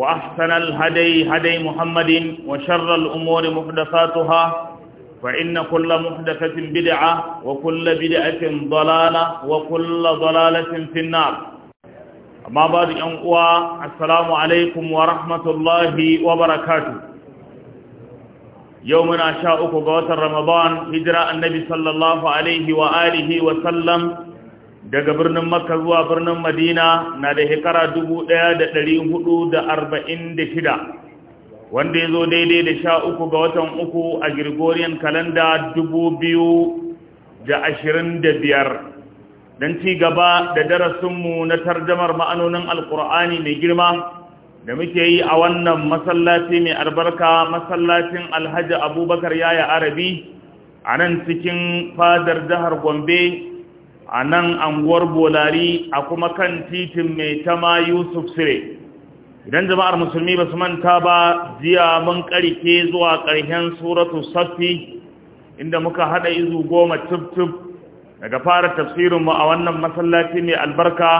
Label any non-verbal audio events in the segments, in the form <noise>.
وأحسن الهدي هدي محمد وشر الأمور محدثاتها فإن كل محدثة بدعة وكل بدعة ضلالة وكل ضلالة في النار أما بعد أنقوى السلام عليكم ورحمة الله وبركاته يومنا شاء قوة رمضان هجرة النبي صلى الله عليه وآله وسلم daga birnin makka zuwa birnin madina na da hekara 1446 wanda ya zo daidai da sha uku ga watan uku a gregorian kalanda 2025 dan ci gaba da darasinmu na tarjamar ma'anonin alkur'ani mai girma da muke yi a wannan masallaci mai albarka masallacin alhaji abubakar yaya arabi a nan cikin fadar jihar gombe a nan anguwar bolari a kuma kan titin mai tama yusuf sire idan jama'ar musulmi ba su manta ba jiya mun karike zuwa karshen suratu Safi, inda muka haɗa izu goma tuf daga fara tafsirinmu a wannan masallaci mai albarka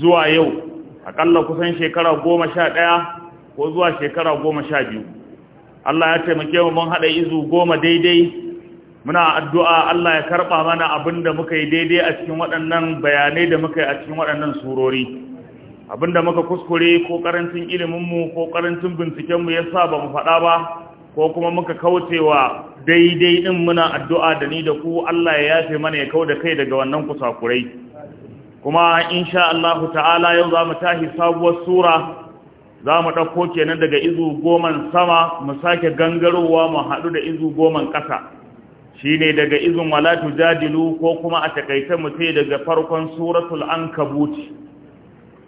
zuwa yau akalla kusan shekara goma sha ɗaya ko zuwa shekara goma sha biyu Allah ya taimake mu mun haɗa izu goma daidai muna addu'a Allah ya karɓa mana abin da muka yi daidai a cikin waɗannan bayanai da muka yi a cikin waɗannan surori abin da muka kuskure ko ƙarancin iliminmu ko ƙarancin bincikenmu ya sa ba mu faɗa ba ko kuma muka wa daidai ɗin muna addu'a da ni da ku Allah ya yafe mana ya kau da kai daga wannan kusakurai kuma sha Allah ta'ala yau za mu tashi sabuwar sura za mu ɗauko kenan daga izu goman sama mu sake gangarowa mu haɗu da izu goman ƙasa Shi ne daga izin wala jadilu ko kuma a takaita mu daga farkon suratul kabuti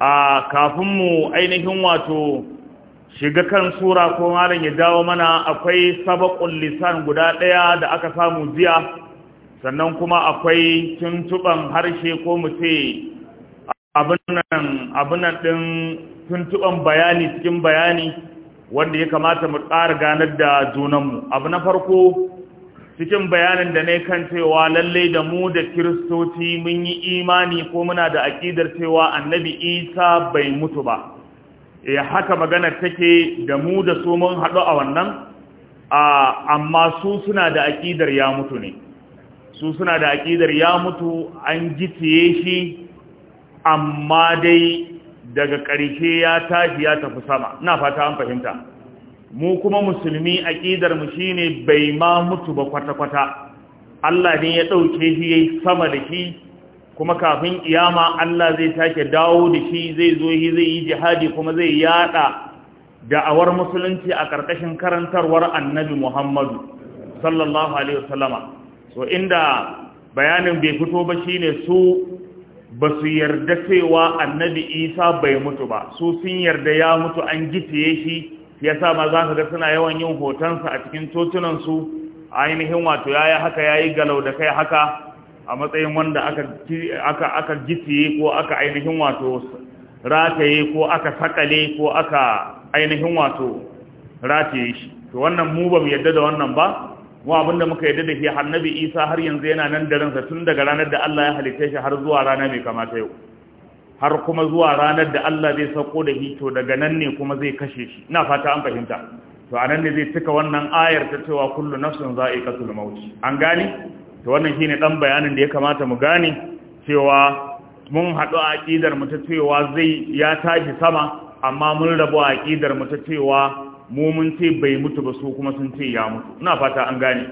a kafin mu ainihin wato shiga kan sura ko malam ya dawo mana akwai sabakun lisan guda daya da aka samu jiya sannan kuma akwai tuntuban harshe ko mu ce abunan din tuntuban bayani cikin bayani wanda ya kamata mu tsara ganar da junanmu abu na farko cikin bayanin da ne kan cewa lalle da mu da kiristoci mun yi imani ko muna da aƙidar cewa annabi isa bai mutu ba e haka magana take da mu da su mun haɗu a wannan amma su suna da aƙidar ya mutu ne su suna da aƙidar ya mutu an gitiye shi amma dai daga ƙarshe ya tafi, ya tafi sama Ina fata an fahimta mu kuma musulmi aqidar mu shine bai ma mutu ba kwata-kwata Allah ne ya ɗauke shi yayi sama da shi kuma kafin iyama Allah zai take dawo da shi zai zo shi zai yi jihadi kuma zai yada awar musulunci a karkashin karantarwar Annabi Muhammadu sallallahu alaihi wasallama so inda bayanin bai fito ba shine su basu su yarda cewa Annabi Isa bai mutu ba su sun yarda ya mutu an gitiye shi shi sa ma za ka ga suna yawan yin hotonsa a cikin cocinansu ainihin wato ya yi haka ya yi galau da kai haka a matsayin wanda aka gitiye ko aka ainihin wato rataye ko aka sakale ko aka ainihin wato rataye shi to wannan mu ba mu yadda da wannan ba mu abinda muka yadda da shi annabi isa har yanzu yana nan da ransa tun daga ranar da Allah ya halitta shi har zuwa rana mai kamata yau har kuma zuwa ranar da Allah zai sauko da shi to daga nan ne kuma zai kashe shi ina fata an fahimta to anan ne zai cika wannan ayar ta cewa kullu nafsin za'iqatul maut an gane to wannan shine dan bayanin da ya kamata mu gane cewa mun hadu a aqidar mu ta cewa zai ya tashi sama amma mun rabu a aqidar mu ta cewa mu mun ce bai mutu ba su kuma sun ce ya mutu ina fata an gane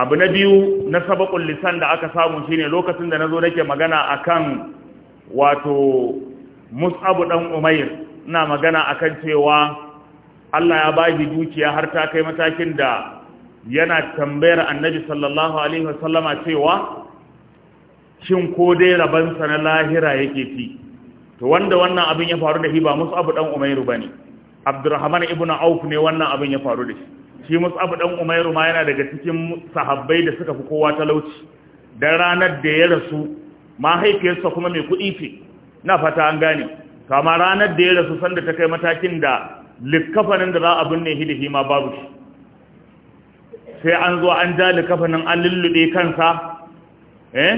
abu na biyu na sabaqul lisan da aka samu shine lokacin da nazo nake magana akan wato mus'abu dan umair ina magana akan cewa Allah ya ba dukiya har ta kai matakin da yana tambayar annabi sallallahu alaihi wasallama cewa shin ko dai rabansa na lahira yake fi to wanda wannan abin ya faru da shi ba mus'abu dan umairu bane abdurrahman ibn auf ne wannan abin ya faru da shi shi mus'abu dan umairu ma yana daga cikin sahabbai da suka fi kowa talauci dan ranar da ya rasu mahaifiyarsa kuma mai kuɗi ce na fata an gane kama ranar da ya rasu sanda ta kai matakin da likkafanin da za a binne hidi ma babu shi sai an zo an ja likkafanin an lulluɗe kansa eh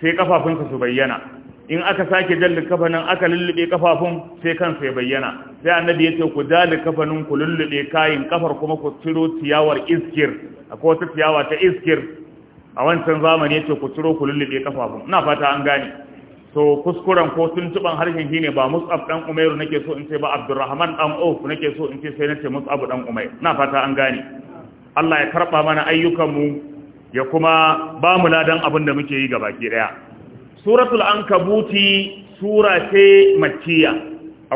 sai kafafunsa su bayyana in aka sake jan likkafanin aka lullube kafafun sai kansa ya bayyana sai annabi ya ce ku ja likkafanin ku lullube kayan kafar kuma ku ciro ciyawar iskir akwai wata ciyawa ta iskir a wancan zamani yace ku ciro ku lullube kafafu ina fata an gane to kuskuren ko tuntuban harshen shine ba Mus'ab dan Umairu nake so in ce ba Abdurrahman dan Auf nake so in ce sai nace Mus'ab dan Umair ina fata an gane Allah ya karba mana ayyukan mu ya kuma ba mu ladan abin da muke yi gabaki daya suratul ankabuti sura ce makkiya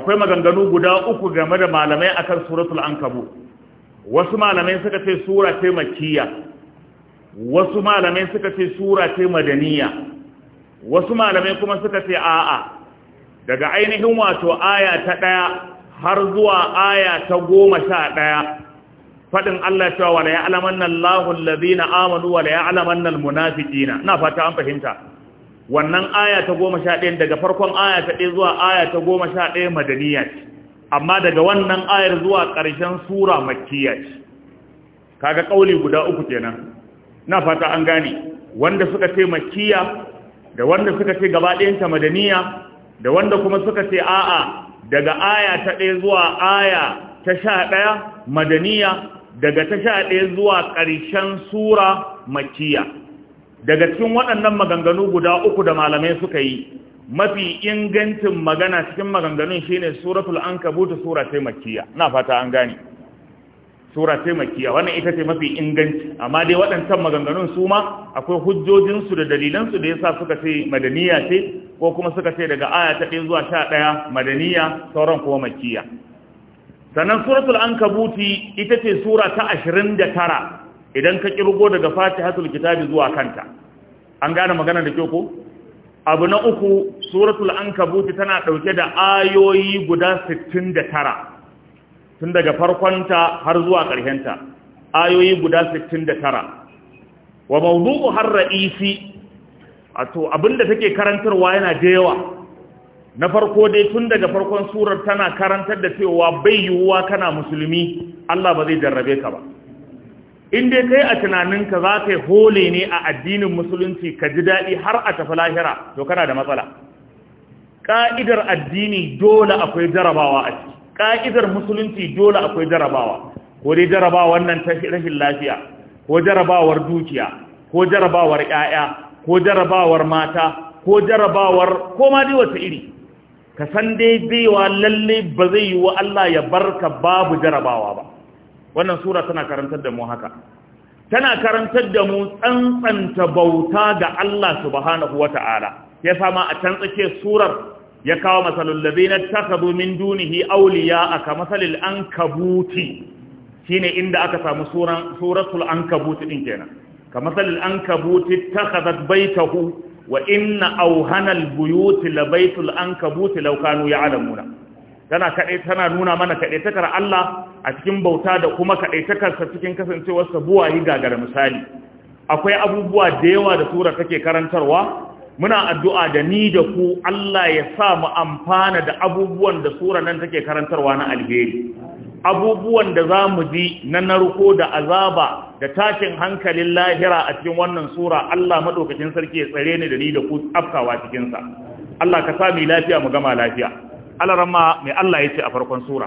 akwai maganganu guda uku game da malamai akan suratul ankabut wasu malamai suka ce sura ce makkiya wasu malamai suka ce sura ce madaniya wasu malamai kuma suka ce a'a daga ainihin wato aya ta ɗaya har zuwa aya ta goma sha ɗaya faɗin Allah cewa wa ya alaman nan lahun amanu wa ya alaman nan munafikina na fata an fahimta wannan aya ta goma sha ɗaya daga farkon aya ta ɗaya zuwa aya ta goma sha ɗaya madaniya ce amma daga wannan ayar zuwa ƙarshen sura makiya ce kaga ƙauli guda uku kenan na fata an gane wanda suka ce makiya da wanda suka ce gaba ɗayanta madaniya da wanda kuma suka ce a'a daga aya ta ɗaya zuwa aya ta sha ɗaya madaniya daga ta sha ɗaya zuwa ƙarshen sura makiya daga cikin waɗannan maganganu guda uku da malamai suka yi mafi ingancin magana cikin maganganun shine suratul ankabut sura ta makiya na fata an gane sura ce makiya wannan ita ce mafi inganci amma dai waɗancan maganganun su ma akwai hujjojinsu da dalilansu da yasa suka ce madaniya ce ko kuma suka ce daga aya ta ɗaya zuwa sha ɗaya madaniya sauran kuma makiya sannan suratul ankabuti ita ce sura ta ashirin da tara idan ka kirgo daga fatihatul kitabi zuwa kanta an gane magana da kyau ko abu na uku suratul ankabuti tana ɗauke da ayoyi guda sittin da tara tun daga farkonta har zuwa ƙarshenta ayoyi guda 69 wa mawdu'u har ra'isi ato abinda take karantarwa yana da yawa na farko dai tun daga farkon surar tana karantar da cewa bai yiwuwa kana musulmi Allah ba zai jarrabe ka ba in dai kai a tunaninka za ka yi hole ne a addinin musulunci ka ji daɗi har a tafi lahira to kana da matsala ƙa'idar addini dole akwai jarabawa a ciki ka'idar musulunci dole akwai jarabawa ko dai jarabawa wannan ta rashin lafiya ko jarabawar dukiya ko jarabawar ƴaƴa ko jarabawar mata ko jarabawar ko ma dai wata iri ka san dai baiwa lalle ba zai yi wa Allah ya barka babu jarabawa ba wannan sura tana karantar da mu haka tana karantar da mu tsantsanta bauta ga Allah subhanahu wata'ala ya sama a can tsakiyar surar ya kawo masalul na takhadhu min dunihi awliya aka masalil ankabuti shine inda aka samu suratul suratul ankabut din kenan ka masalil ankabut bai baytahu wa inna awhana albuyut labaytul ankabut law kanu ya'lamuna tana kade tana nuna mana kaɗaitakar Allah a cikin bauta da kuma kaɗaitakarsa cikin kasancewarsa sa buwayi gagara misali akwai abubuwa da yawa da sura take karantarwa muna addu'a da ni da ku Allah ya sa mu amfana da abubuwan da sura nan take karantarwa na alheri abubuwan da za mu ji na narko da azaba da tashin hankalin lahira a cikin wannan sura Allah maɗaukacin sarki ya tsare ni da ni da ku afkawa cikinsa Allah ka sa lafiya mu gama lafiya Allah mai Allah ya ce a farkon sura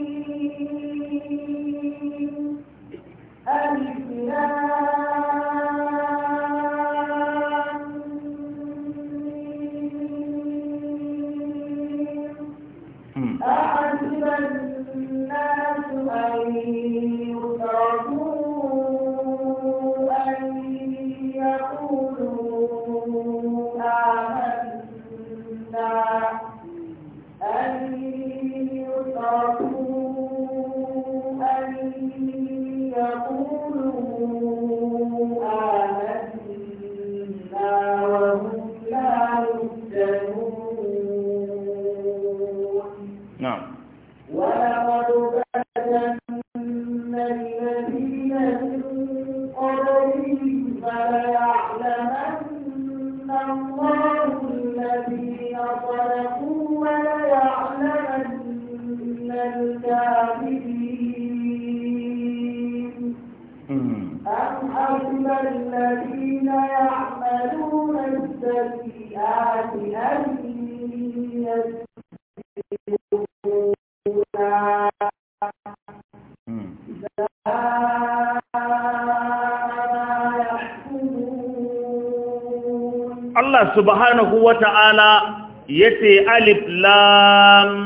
subhanahu wa ta'ala yace alif lam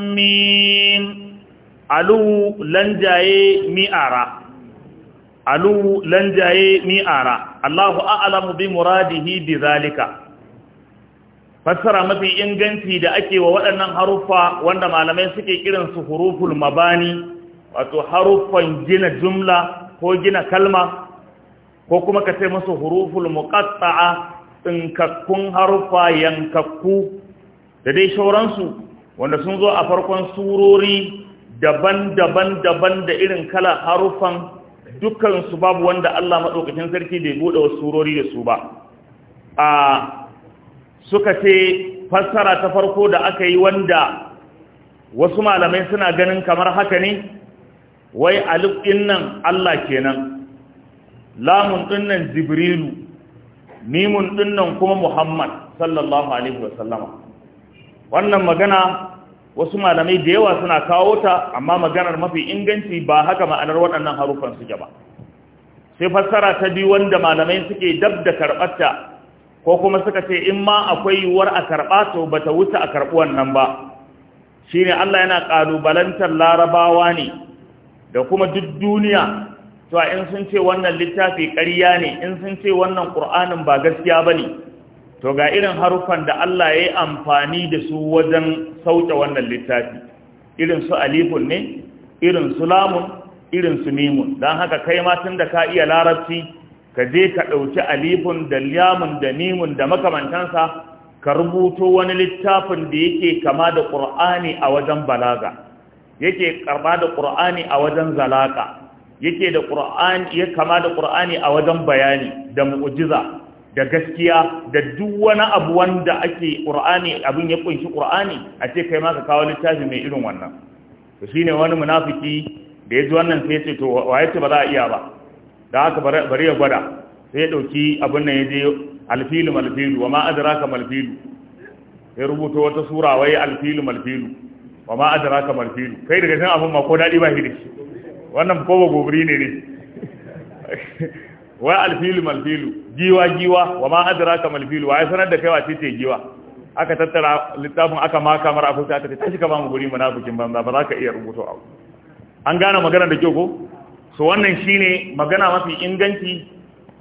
alu lanjaye mi'ara alu lanjaye mi'ara Allahu a'lamu bi muradihi bi zalika fassara mafi inganci da ake wa waɗannan haruffa wanda malamai suke kiran su huruful mabani wato haruffan gina jumla ko gina kalma ko kuma ka ce musu huruful muqatta'a tsinkakkun harfa yankakku da dai shauransu wanda sun zo a farkon surori daban-daban daban da irin kala harufan su babu wanda Allah maɗaukacin sarki bai buɗe wasu surori da su ba a suka ce fassara ta farko da aka yi wanda wasu malamai suna ganin kamar haka ne wai alif ɗin nan Allah kenan lamun ɗin nan jibrilu mimun dinnan kuma muhammad sallallahu alaihi wasallama wannan magana wasu malamai da yawa suna kawo ta amma maganar mafi inganci ba haka ma'anar waɗannan harufan su ba sai fassara ta biyu wanda malamai suke dab da karɓarta ko kuma suka ce in ma akwai yiwuwar a karɓa to ba ta wuce a karɓi wannan ba shi ne Allah yana ƙalubalantar larabawa ne da kuma duk duniya to in sun ce wannan littafi ƙarya ne in sun ce wannan ƙur'anin ba gaskiya bane to ga irin haruffan da Allah ya yi amfani da su wajen sauke wannan littafi irin su alifun ne irin su lamun irin su mimun don haka kai ma tun da ka iya larabci ka je ka ɗauki alifun da lamun da mimun da makamantansa ka rubuto wani littafin da yake kama da ƙur'ani a wajen balaga yake karɓa da ƙur'ani a wajen zalaƙa yake da qur'ani ya kama da qur'ani a wajen bayani da mu'ujiza da gaskiya da duk wani abu wanda ake qur'ani abin ya kunshi qur'ani a ce kai ma ka kawo littafi mai irin wannan to shine wani munafiki da ya ji wannan sai ya ce to waye ce ba za a iya ba da haka bari ya gwada sai ya ɗauki abin nan ya je alfilu malfilu wa ma adraka malfilu ya rubuta wata sura wai alfilu malfilu wa ma adraka malfilu kai daga san abin ma ko dadi ba shi da shi wannan kowa gobiri ne ne wa alfilu malfilu giwa giwa wa ma adraka malfilu wa ya sanar da kai wa ce giwa aka tattara littafin aka maka mara afusa aka ce tashi ka ba mu guri munafikin banza ba za ka iya rubuto abu an gane magana da kyau ko so wannan shine magana mafi inganci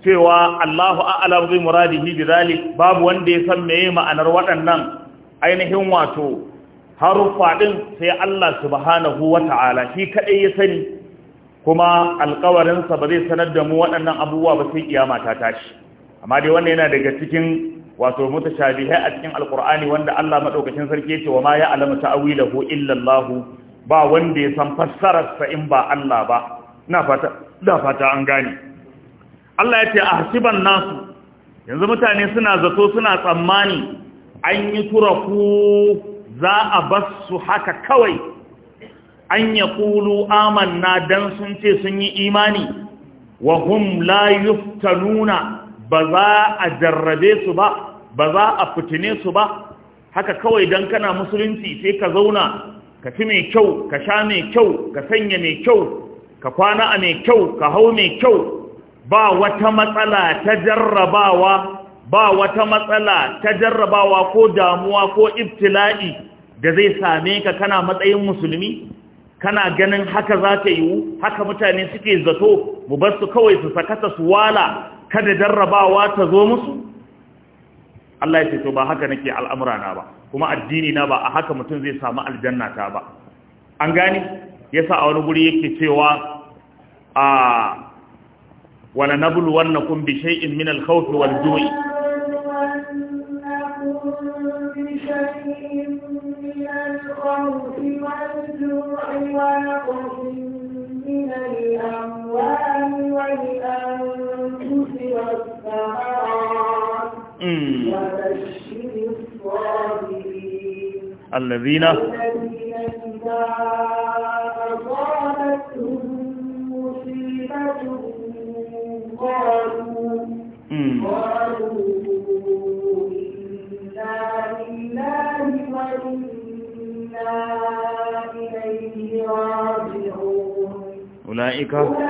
cewa Allahu a'lam bi muradihi bi zalik babu wanda ya san meye ma'anar waɗannan ainihin wato haruffa din sai Allah subhanahu wata'ala shi kadai ya sani kuma alkawarinsa ba zai sanar da mu waɗannan abubuwa ba sai kiyama ta tashi amma dai wannan yana daga cikin wato mutashabihai a cikin alkur'ani wanda Allah madaukakin sarki yace wa ma ya alama ta'wilahu illa Allah ba wanda ya san fassarar sa in ba Allah ba ina fata da fata an gane Allah yace ahsiban nasu yanzu mutane suna zato suna tsammani an yi turaku za a bassu haka kawai an ya ƙulu amanna dan sun ce sun yi imani wa hum la yuftanuna ba za a jarrabe su ba ba za a fitine su ba haka kawai don kana musulunci sai ka zauna ka ci mai kyau ka sha mai kyau ka sanya mai kyau ka kwana a mai kyau ka hau mai kyau ba wata matsala ta jarrabawa ba wata matsala ta jarrabawa ko damuwa ko ibtila'i da zai same ka kana matsayin musulmi kana ganin haka za ta yiwu haka mutane suke zato mu bar su kawai su sakata su wala kada jarrabawa ta zo musu Allah ya ce to ba haka nake al'amurana ba kuma addini na ba a haka mutum zai samu aljanna ta ba an gane yasa a wani guri yake cewa a wala nablu wannakum bi shay'in min al-khawfi wal-ju'i ونقص من الأموال والأنفس والثمرات وبشر الصابرين الذين أولئك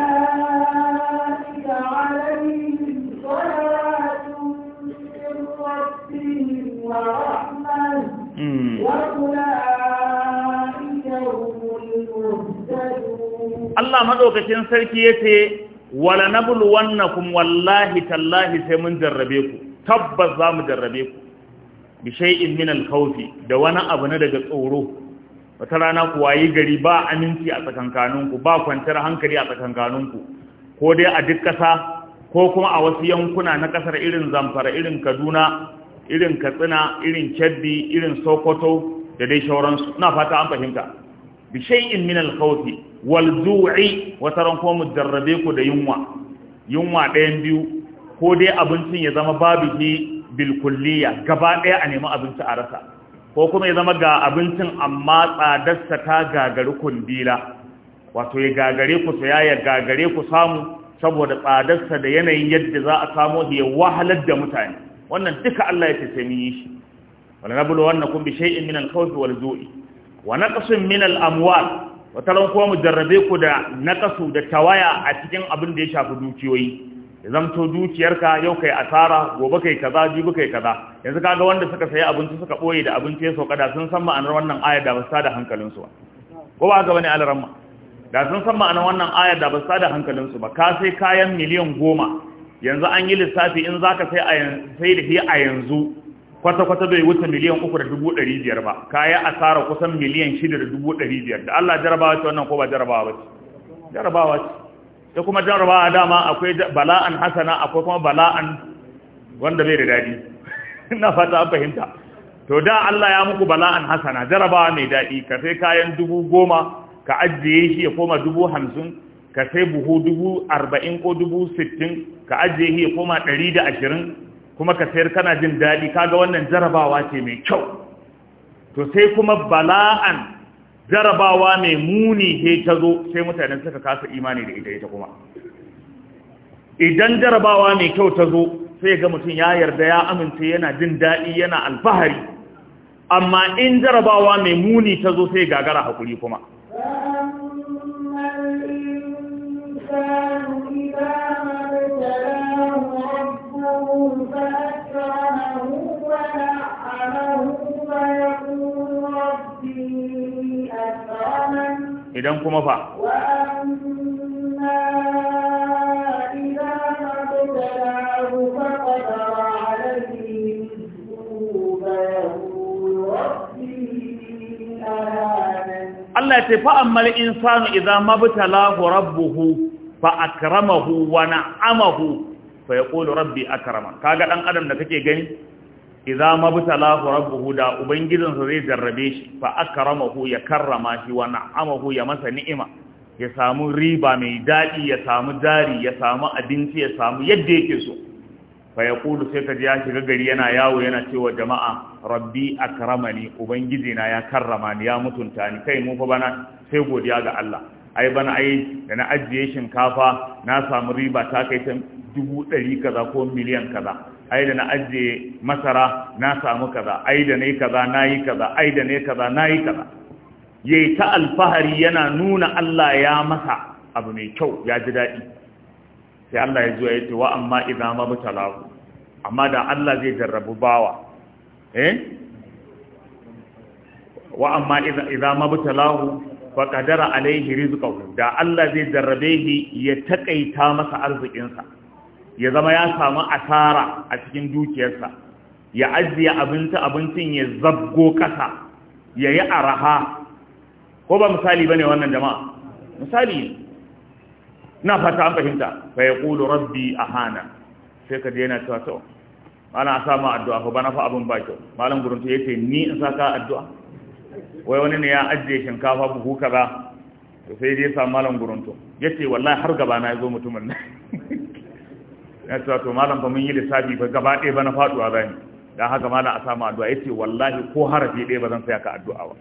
Allah عليهم sarki ya ce wala na wannan wallahi tallahi sai mun jarrabe ku tabbas za mu jarrabe ku bi shay'in min al-khawfi da wani abu na daga tsoro wata rana ku wayi gari ba aminci a tsakankaninku ba kwantar hankali a ku. ko dai a duk ƙasa ko kuma a wasu yankuna na ƙasar irin zamfara irin kaduna irin katsina irin Kebbi, irin sokoto da dai shauransu na fata an fahimta bi shay'in min al-khawfi wal zu'i wa taran mujarrabe ku da yunwa yunwa ɗayan biyu ko dai abincin ya zama babu bil kulliya gaba ɗaya a nemi abinci a rasa ko kuma ya zama ga abincin amma tsadarsa ta gagari kundila wato ya gagare ku saya ya gagare ku samu saboda tsadarsa da yanayin yadda za a samu da ya wahalar da mutane wannan duka Allah ya tafi mun yi shi wala nabulu kun bi shay'in min al-khawf wal zu'i wa naqsin min al-amwal wa talan jarrabe mujarrabe ku da naqsu da tawaya a cikin abin da ya shafi dukiyoyi ya zamto dukiyarka yau kai asara gobe kai kaza jibi kai kaza yanzu kaga wanda suka sayi abinci suka boye da abinci ya sauka da sun san ma'anar wannan ayar da ba su da hankalin su ba ko ba ga bane alaramma da sun san ma'anar wannan ayar da ba su da hankalin su ba ka sai kayan miliyan goma yanzu an yi lissafi in zaka sai a sai da shi a yanzu kwata kwata bai wuce miliyan uku da dubu ɗari biyar ba yi asara kusan miliyan shida da dubu ɗari biyar da Allah jarabawa ce wannan ko ba jarabawa ba ce jarabawa ce ya kuma jarabawa dama akwai bala'an hasana akwai kuma bala'an wanda bai da daɗi <laughs> ina fata fahimta to da Allah ya muku bala'an hasana jarabawa mai daɗi ka sai kayan dubu goma ka ajiye shi ya koma dubu hamsin ka sai buhu dubu arba'in ko dubu sittin ka ajiye shi ya koma ɗari da ashirin kuma ka sayar kana jin daɗi kaga wannan jarabawa ce mai kyau to sai kuma bala'an jarabawa mai muni he ta zo sai mutane suka kasa imani da ita ita kuma idan jarabawa mai kyau ta zo sai ga mutum ya yarda ya amince yana jin daɗi yana alfahari amma in jarabawa mai muni ta zo sai gagara hakuri kuma idan kuma fa Allah ta fa ammal insanu idza mabtalahu rabbuhu fa akramahu wa na'amahu fa yaqulu rabbi akrama kaga dan adam da kake gani idza mabtalahu rabbuhu da ubangijinsa zai jarrabe shi fa akramahu ya karrama shi wa na'amahu ya masa ni'ima ya samu riba mai dadi ya samu jari ya samu abinci ya samu yadda yake so fa yaqulu sai ji ya shiga gari yana yawo yana cewa jama'a rabbi akramani ubangijina ya karrama ni ya mutunta ni kai mu fa bana sai godiya ga Allah ai bana ai da na ajiye shinkafa na samu riba ta kai ta dubu ɗari kaza ko miliyan kaza ai da na ajiye masara na samu kaza ai da nayi kaza nayi kaza ai da nayi kaza nayi kaza yayi ta alfahari yana nuna Allah ya masa abu mai kyau ya ji dadi sai Allah ya zuwa ya ce wa amma idza mutalahu. amma da Allah zai jarrabu bawa eh wa amma idza idza mabtalahu fa qadara alaihi rizqahu da Allah zai jarrabe shi ya takaita masa sa ya zama ya samu asara a cikin dukiyarsa ya ajiye abinci abincin ya zabgo kasa ya yi araha ko ba misali bane wannan jama'a misali na fata an fahimta fa ya ƙulu rabbi a hana sai ka daina cewa to ana samu addu'a ko bana fa abin ba kyau malam guruntu ya ce ni in sa ka addu'a wai wani ne ya ajiye shinkafa buhu kaza sai dai sa malam guruntu ya ce wallahi har gaba na ya zo mutumin nan <laughs> ya ce to malam ba mun yi lissafi ba gaba ɗaya ba na faɗuwa zani don haka malam a samu addu'a ya ce wallahi ko harafi ɗaya ba zan saya ka addu'a ba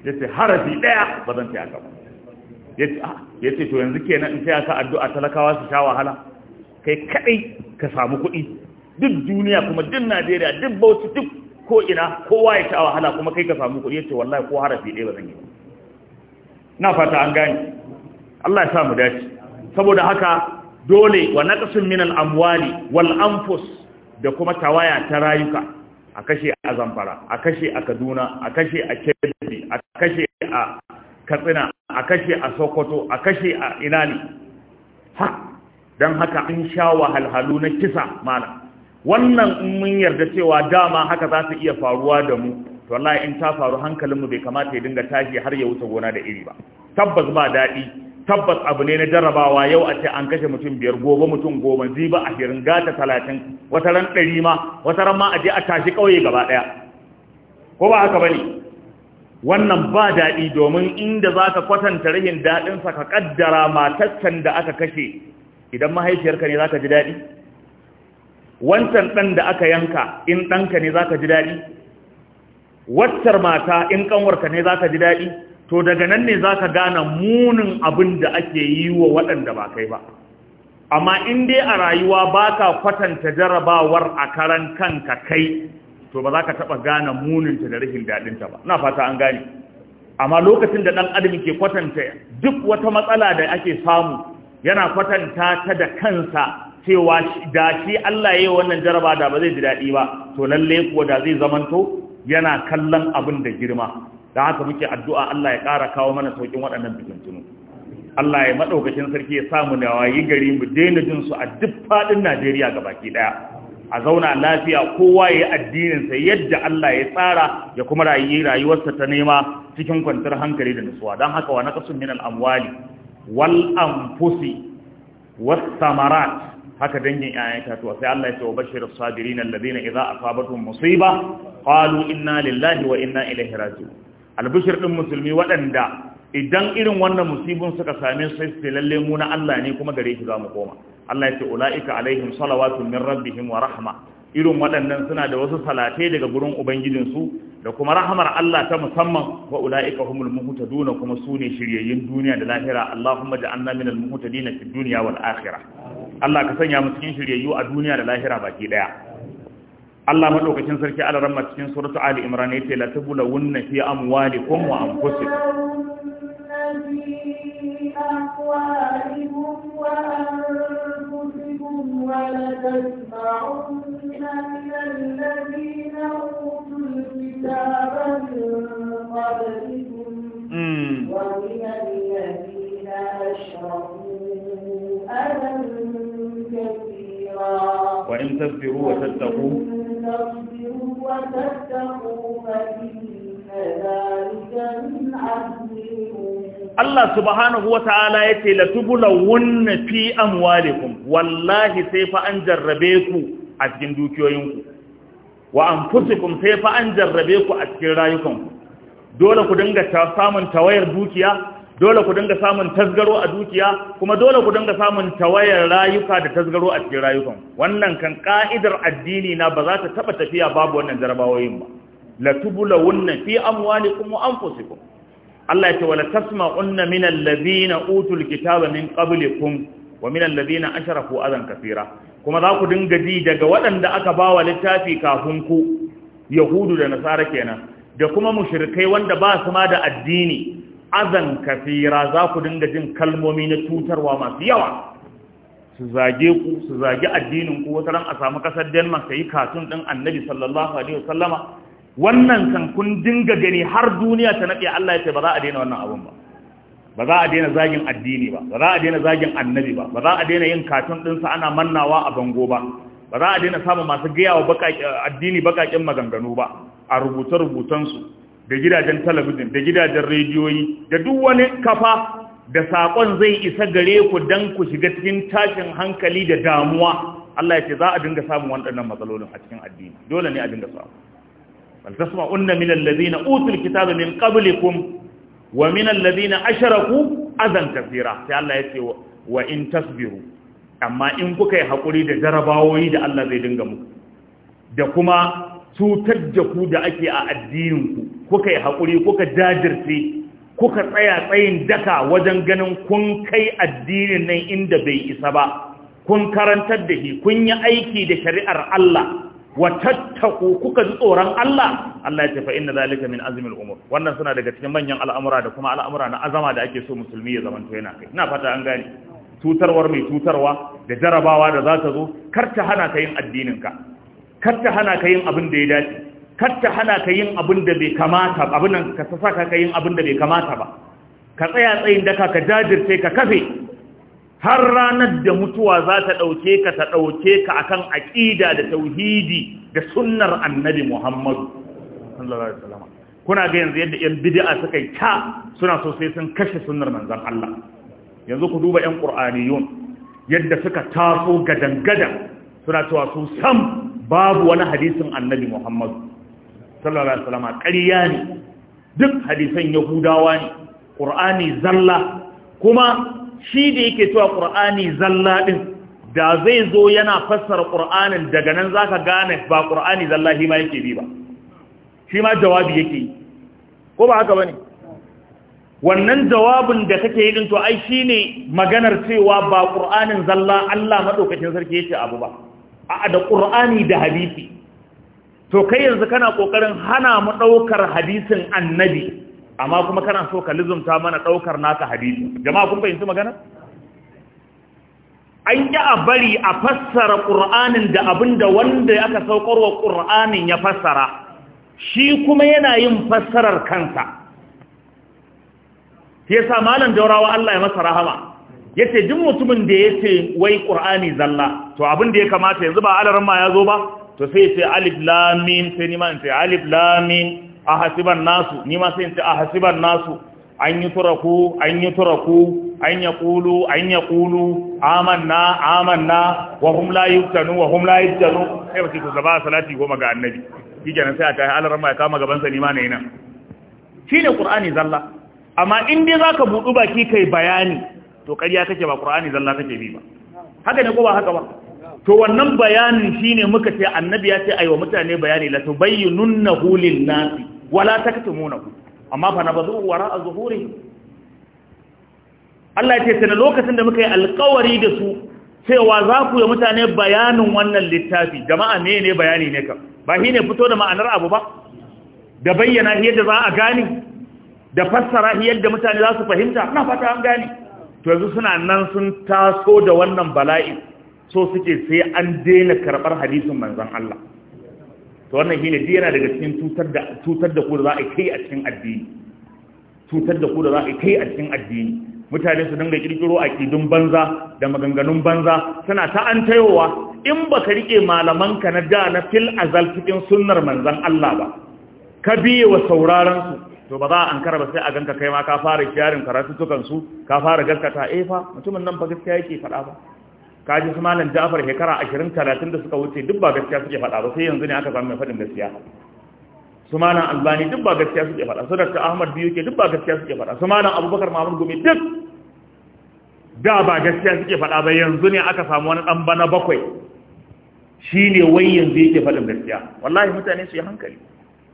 <laughs> yace harafi ɗaya ba zan saya ka ba yace ah. ce to yanzu kenan in saya ka addu'a talakawa su sha wahala kai kadai ka samu kuɗi duk duniya kuma duk Najeriya duk Bauchi duk ko ina kowa ya sha wahala kuma kai ka samu kuɗi yace wallahi ko harafi ɗaya ba zan yi ba na fata an gane Allah ya sa mu dace saboda haka dole wa naqsin min al-amwali wal anfus da kuma tawaya ta rayuka a kashe a Zamfara a kashe a Kaduna a kashe a Kebbi a kashe a Katsina a kashe a Sokoto a kashe a Inani ha dan haka in sha wahalhalu na kisa mana. wannan in mun yarda cewa dama haka za su iya faruwa da mu to wallahi in ta faru hankalinmu bai kamata ya dinga tashi har ya wuce gona da iri ba tabbas ba daɗi tabbas abu ne na jarrabawa yau a ce an kashe mutum biyar gobe mutum goma ziba ashirin gata talatin wata ran ɗari ma wata ran ma a je a tashi ƙauye gaba ɗaya ko ba haka ba ne wannan ba daɗi domin inda za ka kwatanta rahin daɗinsa ka ƙaddara matattan da aka kashe idan mahaifiyarka ne za ka ji daɗi wancan ɗan da aka yanka in ɗanka ne za ka ji daɗi waccar mata in ƙanwarka ne za ka ji daɗi to daga nan ne za ka gane munin abin da ake yi wa waɗanda ba kai ba amma in dai a rayuwa ba ka kwatanta jarabawar a karan kanka kai to ba za ka taɓa gane muninta da rashin daɗinta ba na fata an gane amma lokacin da ɗan adam ke kwatanta duk wata matsala da ake samu yana kwatanta ta da kansa cewa da shi Allah ya yi wannan jaraba da ba zai ji daɗi ba to lallai kuwa da zai zamanto yana kallon abin da girma da haka muke addu'a Allah ya ƙara kawo mana saukin waɗannan fitintunu Allah ya maɗaukacin sarki ya samu da wayi gari mu daina jin su a duk faɗin Najeriya ga baki ɗaya a zauna lafiya kowa ya yi addininsa yadda Allah ya tsara ya kuma rayu rayuwarsa ta nema cikin kwantar hankali da nutsuwa don haka wa naqasun min al-amwali wal anfusi was samarat haka dangin 'ya'yan itatuwa sai Allah ya ce wa bashirin sabirin alladhina idza asabatuhum musiba qalu inna lillahi wa inna ilaihi raji'un albishir ɗin musulmi waɗanda idan irin wannan musibin suka same su sai lalle mu na Allah ne kuma gare shi za mu koma Allah ya ce ulaika alaihim salawatu min rabbihim wa rahma irin waɗannan suna da wasu salate daga gurin su da kuma rahamar Allah ta musamman wa ula'ika humul muhtaduna kuma su ne shiryayyun duniya da lahira Allahumma ja'alna minal muhtadina fid dunya wal akhirah Allah ka sanya mu cikin shiryayyu a duniya da lahira baki daya Allah madaukakin sarki ala ramma cikin suratu Ali Imran yace la tabula wunna fi amwalikum wa anfusikum ومن الذين أشركوا أذى كثيرا وإن تصبروا وتتقوا Allah subhanahu wa ta'ala ya ce, Latubulawun fi amwalikum, wallahi sai fa an jarrabe ku a cikin dukiyoyinku, wa an sai fa an jarrabe ku a cikin rayukanku, dole ku dinga samun tawayar dukiya, dole ku dinga samun tasgaro a dukiya kuma dole ku dinga samun tawayar rayuka da tasgaro a cikin rayukan wannan kan ka'idar addini na ba za ta taba tafiya babu wannan jarabawoyin ba la tubula wunna fi amwalikum wa anfusikum Allah ya ce wala tasma'unna min allazina utul kitaba min qablikum wa min allazina ashraku adan kaseera kuma za ku dinga ji daga waɗanda aka bawa littafi kafin ku yahudu da nasara kenan da kuma mushrikai wanda ba su ma da addini azan kafira za ku dinga jin kalmomi na tutarwa masu yawa su zage ku su zage addinin ku wata ran a samu kasar Denmark ta yi katun din Annabi sallallahu alaihi wasallama wannan kan kun dinga gani har duniya ta nabe Allah ya ce ba za a daina wannan abun ba ba za a daina zagin addini ba ba za a daina zagin annabi ba ba za a daina yin katun ɗinsa ana mannawa a bango ba ba za a daina samun masu gaya wa addini bakaƙin maganganu ba a rubuce rubutansu da gidajen talabijin da gidajen rediyoyi da duk wani kafa da saƙon zai isa gare ku don ku shiga cikin tashin hankali da damuwa Allah ya ce za a dinga samun waɗannan matsalolin a cikin addini dole ne a dinga samu bal tasma'unna min allazina utul kitaba min qablikum wa min allazina asharaku azan kaseera sai Allah ya ce wa in tasbiru amma in kuka yi hakuri da jarabawoyi da Allah zai dinga muku da kuma cutar da ku da ake a addininku kuka yi haƙuri kuka jajirce kuka tsaya tsayin daka wajen ganin kun kai addinin nan inda bai isa ba kun karantar da shi kun yi aiki da shari'ar Allah wa tattaku kuka ji tsoron Allah Allah ya tafi inna zalika min azmil umur wannan suna daga cikin manyan al'amura da kuma al'amura na azama da ake so musulmi ya zamanto yana kai ina fata an gane cutarwar mai cutarwa da jarabawa da za ta zo kar ta hana ka yin addininka karta hana ka yin abin da ya dace karta hana ka yin abin da bai kamata abin nan ka saka ka yin abin da bai kamata ba ka tsaya tsayin daka ka jajirce ka kafe har ranar da mutuwa za ta ɗauke ka ta ɗauke ka akan aƙida da tauhidi da sunnar annabi muhammadu sallallahu alaihi wasallam kuna ga yanzu yadda yan bid'a suka yi ta suna so sai sun kashe sunnar manzon Allah yanzu ku duba yan qur'aniyun yadda suka taso gadan gadangadan suna cewa su sam babu wani hadisin annabi Muhammad sallallahu alaihi wasallam ƙarya ne duk hadisan yahudawa ne ƙur'ani zalla kuma shi da yake cewa qur'ani zalla din da zai zo yana fassara qur'anin daga nan zaka gane ba qur'ani zalla shi ma yake bi ba shi ma jawabi yake yi, ko ba haka bane wannan jawabin da kake yi din to ai shine maganar cewa ba ƙur'anin zalla Allah madaukakin sarki yake abu ba a da ƙur'ani da hadisi to kai yanzu kana ƙoƙarin hana mu ɗaukar hadisin annabi amma kuma kana so ka lizumta mana ɗaukar naka hadisi jama'a kun fahimci magana an yi a bari a fassara ƙur'anin da abin da wanda aka saukar wa ƙur'anin ya fassara shi kuma yana yin fassarar kansa ya sa malam jaurawa Allah ya masa rahama yace duk mutumin da yace wai qur'ani zalla to abin da ya kamata yanzu ba alaran ma yazo ba to sai yace alif lam mim sai ni ma in ce alif lam mim ahasiban nasu ni ma sai in ce ahasiban nasu an yi turaku an yi turaku an yaqulu an yaqulu amanna amanna wa hum la yuftanu wa hum la yuftanu sai ba to zaba salati goma ga annabi shikenan sai a tayi alaran ma ya kama gaban sa ni ma ne nan shine qur'ani zalla amma in dai zaka budu baki kai bayani to ƙarya kake ba ƙura'ani zalla kake bi ba haka ne ko ba haka ba to wannan bayanin shine muka ce annabi ya ce ai wa mutane bayani la tubayyinunnahu lin-nasi wala taktumunahu amma fa nabadhu wara'a zuhuri. Allah ya ce sai lokacin da muka yi alƙawari da su cewa za ku yi mutane bayanin wannan littafi jama'a ne ne bayani ne ka ba shi ne fito da ma'anar abu ba da bayyana yadda za a gani? da fassara yadda mutane za su fahimta na fata an gani. to yanzu suna nan sun taso da wannan bala'i so suke sai an daina karɓar hadisin manzon Allah to wannan shine dai yana daga cikin tutar da tutar da ku da za a kai a cikin addini tutar da ku da za a kai a cikin addini mutane su dinga kirkiro aqidun banza da maganganun banza suna ta an in baka rike malaman ka na da na fil azal cikin sunnar manzon Allah ba ka biye wa sauraron su to ba za a ankara ba sai a ganka kai ma ka fara kiyarin karatu su ka fara gaskata eh fa mutumin nan ba gaskiya yake faɗa ba ka ji su malam Ja'far shekara 20 30 da suka wuce duk ba gaskiya suke faɗa ba sai yanzu ne aka samu mai faɗin gaskiya su malam Albani duk ba gaskiya suke faɗa su Dr. Ahmad Biyu ke duk ba gaskiya suke faɗa su malam Abubakar Mamun Gumi duk da ba gaskiya suke faɗa ba yanzu ne aka samu wani ɗan bana bakwai shi ne wai yanzu yake faɗin gaskiya wallahi mutane su yi hankali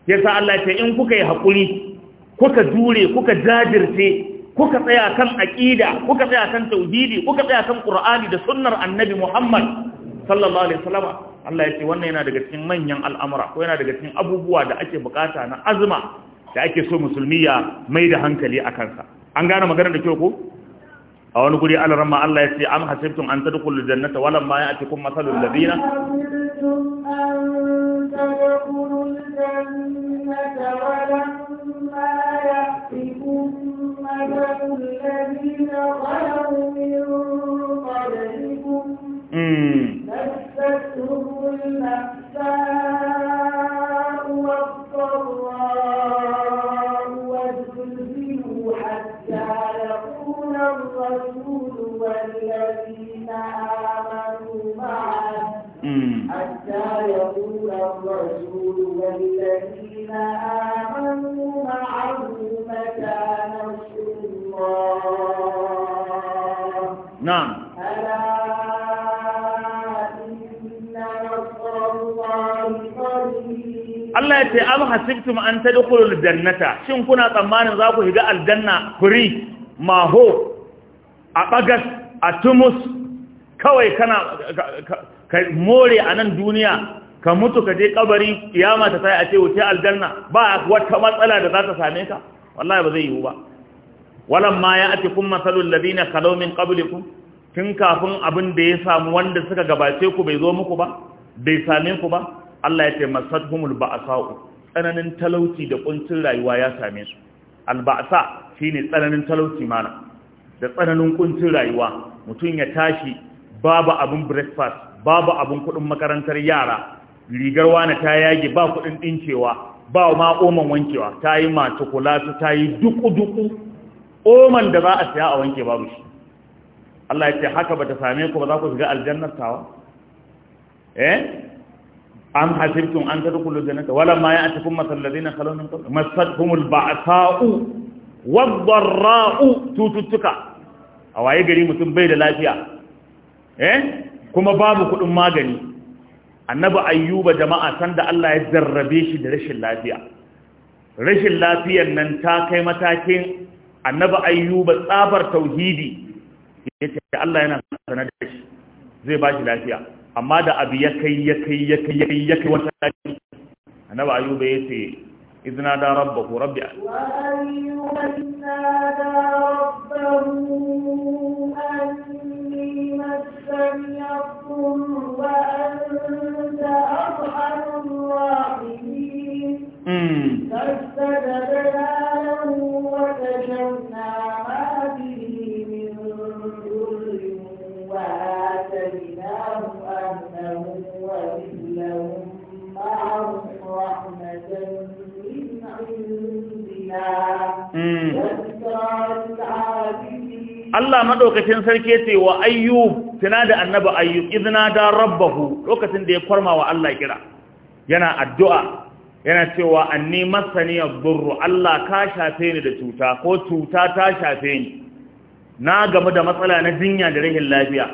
ya sa Allah ce in kuka yi haƙuri kuka jure kuka jajirce kuka tsaya kan aqida kuka tsaya kan tauhidi kuka tsaya kan qur'ani da sunnar annabi muhammad sallallahu alaihi wasallam Allah ya ce wannan yana daga cikin manyan al'amura ko yana daga cikin abubuwa da ake bukata na azma da ake so musulmi ya mai da hankali a kansa an gane maganar da kyau ko a wani guri alaran ma Allah ya ce am hasibtum an tadkhulul jannata walam ma ya'tikum mathalul ladina an tadkhulul يأتكم مثل الذين خلوا من قبلكم مستهم البأساء والضراء والزلزلوا حتى يقول الرسول والذين آمنوا معه نعم ألا إن نصر الله قريب Allah ya ce am hasibtum an tadkhulul jannata shin kuna tsammanin za ku shiga aljanna free maho a bagas a tumus kawai kana ka more a nan duniya ka mutu ka je kabari kiyama ta sai a ce wuce aljanna ba wata matsala da za ta same ka wallahi ba zai yiwu ba walan ma ya ati kun masalul ladina khalaw min qablikum tun kafin abin da ya samu wanda suka gabace ku bai zo muku ba bai same ku ba Allah ya ce masadhumul ba'sa'u tsananin talauci da kuncin rayuwa ya same su alba'sa shine tsananin talauci mana da tsananin kuncin rayuwa mutum ya tashi babu abin breakfast babu abin kudin makarantar yara rigar wani ta yage ba kudin dincewa ba ma oman wankewa ta yi mace kula su ta yi duku-duku oman da za a siya a wanke babu shi Allah ya ce haka ba ta same ku ba za ku shiga aljannar tawa eh am hasibtum an tadkhulu jannata wala ma ya'tikum masal ladina khalaw min ba a sa'u wad ra'u tututtuka a waye gari mutum bai da lafiya eh kuma babu kudin magani annabi ayyuba jama'a da Allah ya jarrabe shi da rashin lafiya rashin lafiyar nan ta kai matakin annabi ayyuba tsabar tauhidi yace Allah yana sanar da shi zai ba shi lafiya amma da abu ya kai ya kai ya kai ya kai wata annabi ayyuba yace إذ نادى ربه ربي وأيوب إذ نادى ربه أني مسني الضر وأنت أرحم الراحمين فاستجبنا له وكشفنا ما به من ضر وآتيناه أهله ومثلهم معهم رحمة Hmm. Allah maɗaukacin sarki ce wa ayyub tuna da annaba ayyub izina da rabbahu lokacin da ya kwarma wa Allah kira yana addu'a yana cewa ne ya yadurru Allah ka shafe ni da cuta ko cuta ta shafe ni na gamu da matsala na jinya da rahin lafiya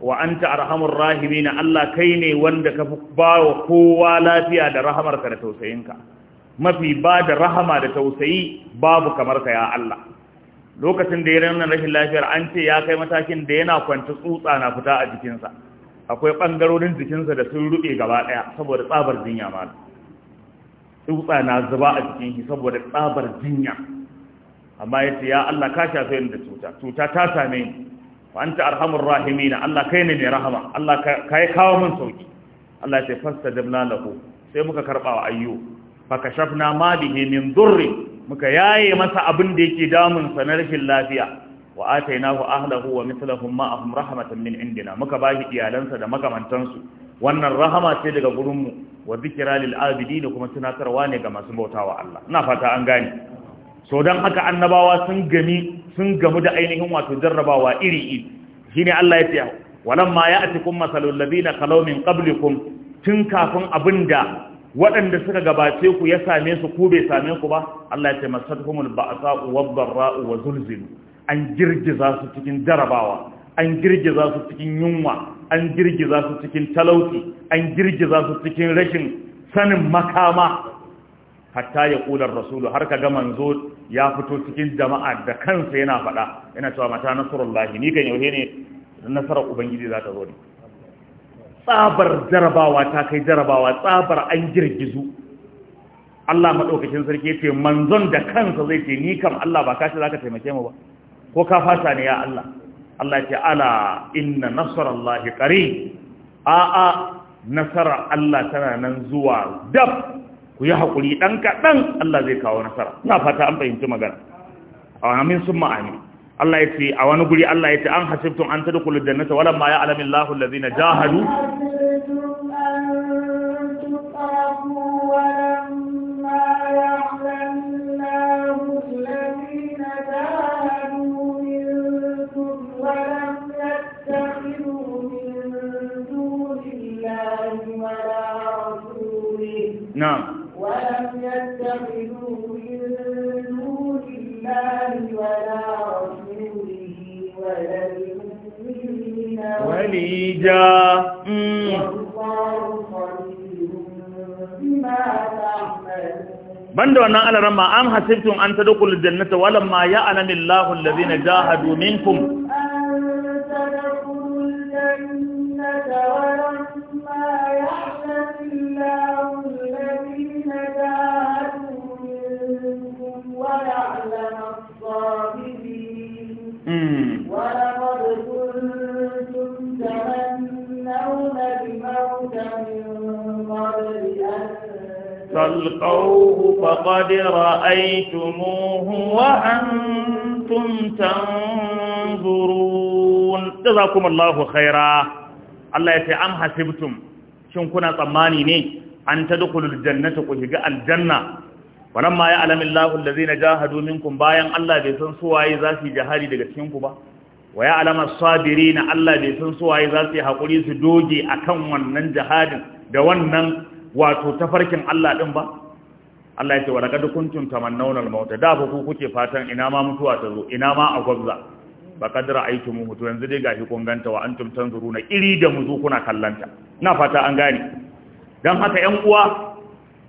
wa anta arhamur rahimin Allah kai ne wanda ka bawa kowa lafiya da rahamarka da tausayin ka mafi ba da rahama da tausayi babu kamar ka ya Allah lokacin da ya rana rashin lafiyar an ce ya kai matakin da yana kwanci tsutsa na fita a jikinsa akwai ɓangarorin jikinsa da sun ruɓe gaba ɗaya saboda tsabar jinya ma tsutsa na zuba a jikin shi saboda tsabar jinya amma ya ce ya Allah ka shafe ni da cuta cuta ta same ni wa anta arhamur rahimin Allah kai ne mai rahama Allah kai kawo mun sauki Allah ya na lahu sai muka karɓa wa ayyu fakashafna ma bihimin min durri muka yaye masa abin da yake damun sa na rashin lafiya wa atainahu ahlahu wa mithluhum ma'ahum rahmatan min indina muka bashi iyalansa da makamantansu wannan rahama ce daga gurinmu wa zikira lil abidin kuma tunatarwa ne ga masu bautawa Allah ina fata an gane so don haka annabawa sun gami sun gamu da ainihin wato jarrabawa iri iri ne Allah ya ce walamma ya'tikum masalul ladina khalaw min qablikum tun kafin abin da waɗanda suka gabace ku ya same su ku bai same ku ba Allah ya ce masatuhumul sa uwar barra uwa zulzilu an girgiza su cikin jarabawa an girgiza su cikin yunwa an girgiza su cikin talauci an girgiza su cikin rashin sanin makama hatta ya kula rasulu har ka ga manzo ya fito cikin jama'a da kansa yana faɗa yana cewa mata nasarullahi ni kan yaushe ne nasarar ubangiji za ta zo ne tsabar jarabawa ta kai jarabawa tsabar an girgizu Allah maɗaukacin sarki ce manzon da kansa zai ce ni kam Allah ba kashi za ka taimake mu ba ko ka fasa ne ya Allah Allah ce ala inna nasarallahi kari. a a nasarar Allah tana nan zuwa dab ku yi haƙuri ɗan kaɗan Allah zai kawo nasara ina fata an fahimci magana amin sun ma'ani Allah ya ce a wani guri Allah ya ce an hasibtum an tadkhulul jannata walamma alamin Allahu lazina jahadu وليجا banda wannan alaran ma am hasibtum an tadkhul jannata walam ma ya'lamu Allahu alladhina jahadu minkum ولعلم الصابرين ولقد تمتعون الموت من قبل أن تلقوه فقد رأيتموه وأنتم تنظرون جزاكم الله خيرا الله يتي أم حسبتم شن كنا طماني ني أن تدخلوا الجنة وشجاء الجنة ولما يعلم الله الذين جاهدوا منكم بايا الله بيسن سواي ذاتي جهادي دقا شنكم wa ya alama sabiri na Allah bai san su waye za su yi haƙuri su doge a kan wannan jihadin da wannan wato tafarkin Allah ɗin ba Allah ya ce wa laƙadu kuntun tamannaunar mauta da fa ku kuke fatan ina ma mutuwa ta zo ina ma a gwabza ba kadara aiki mu mutu yanzu dai gashi kun ganta wa antum tanzuru na iri da muzu kuna kallanta na fata an gane dan haka ƴan uwa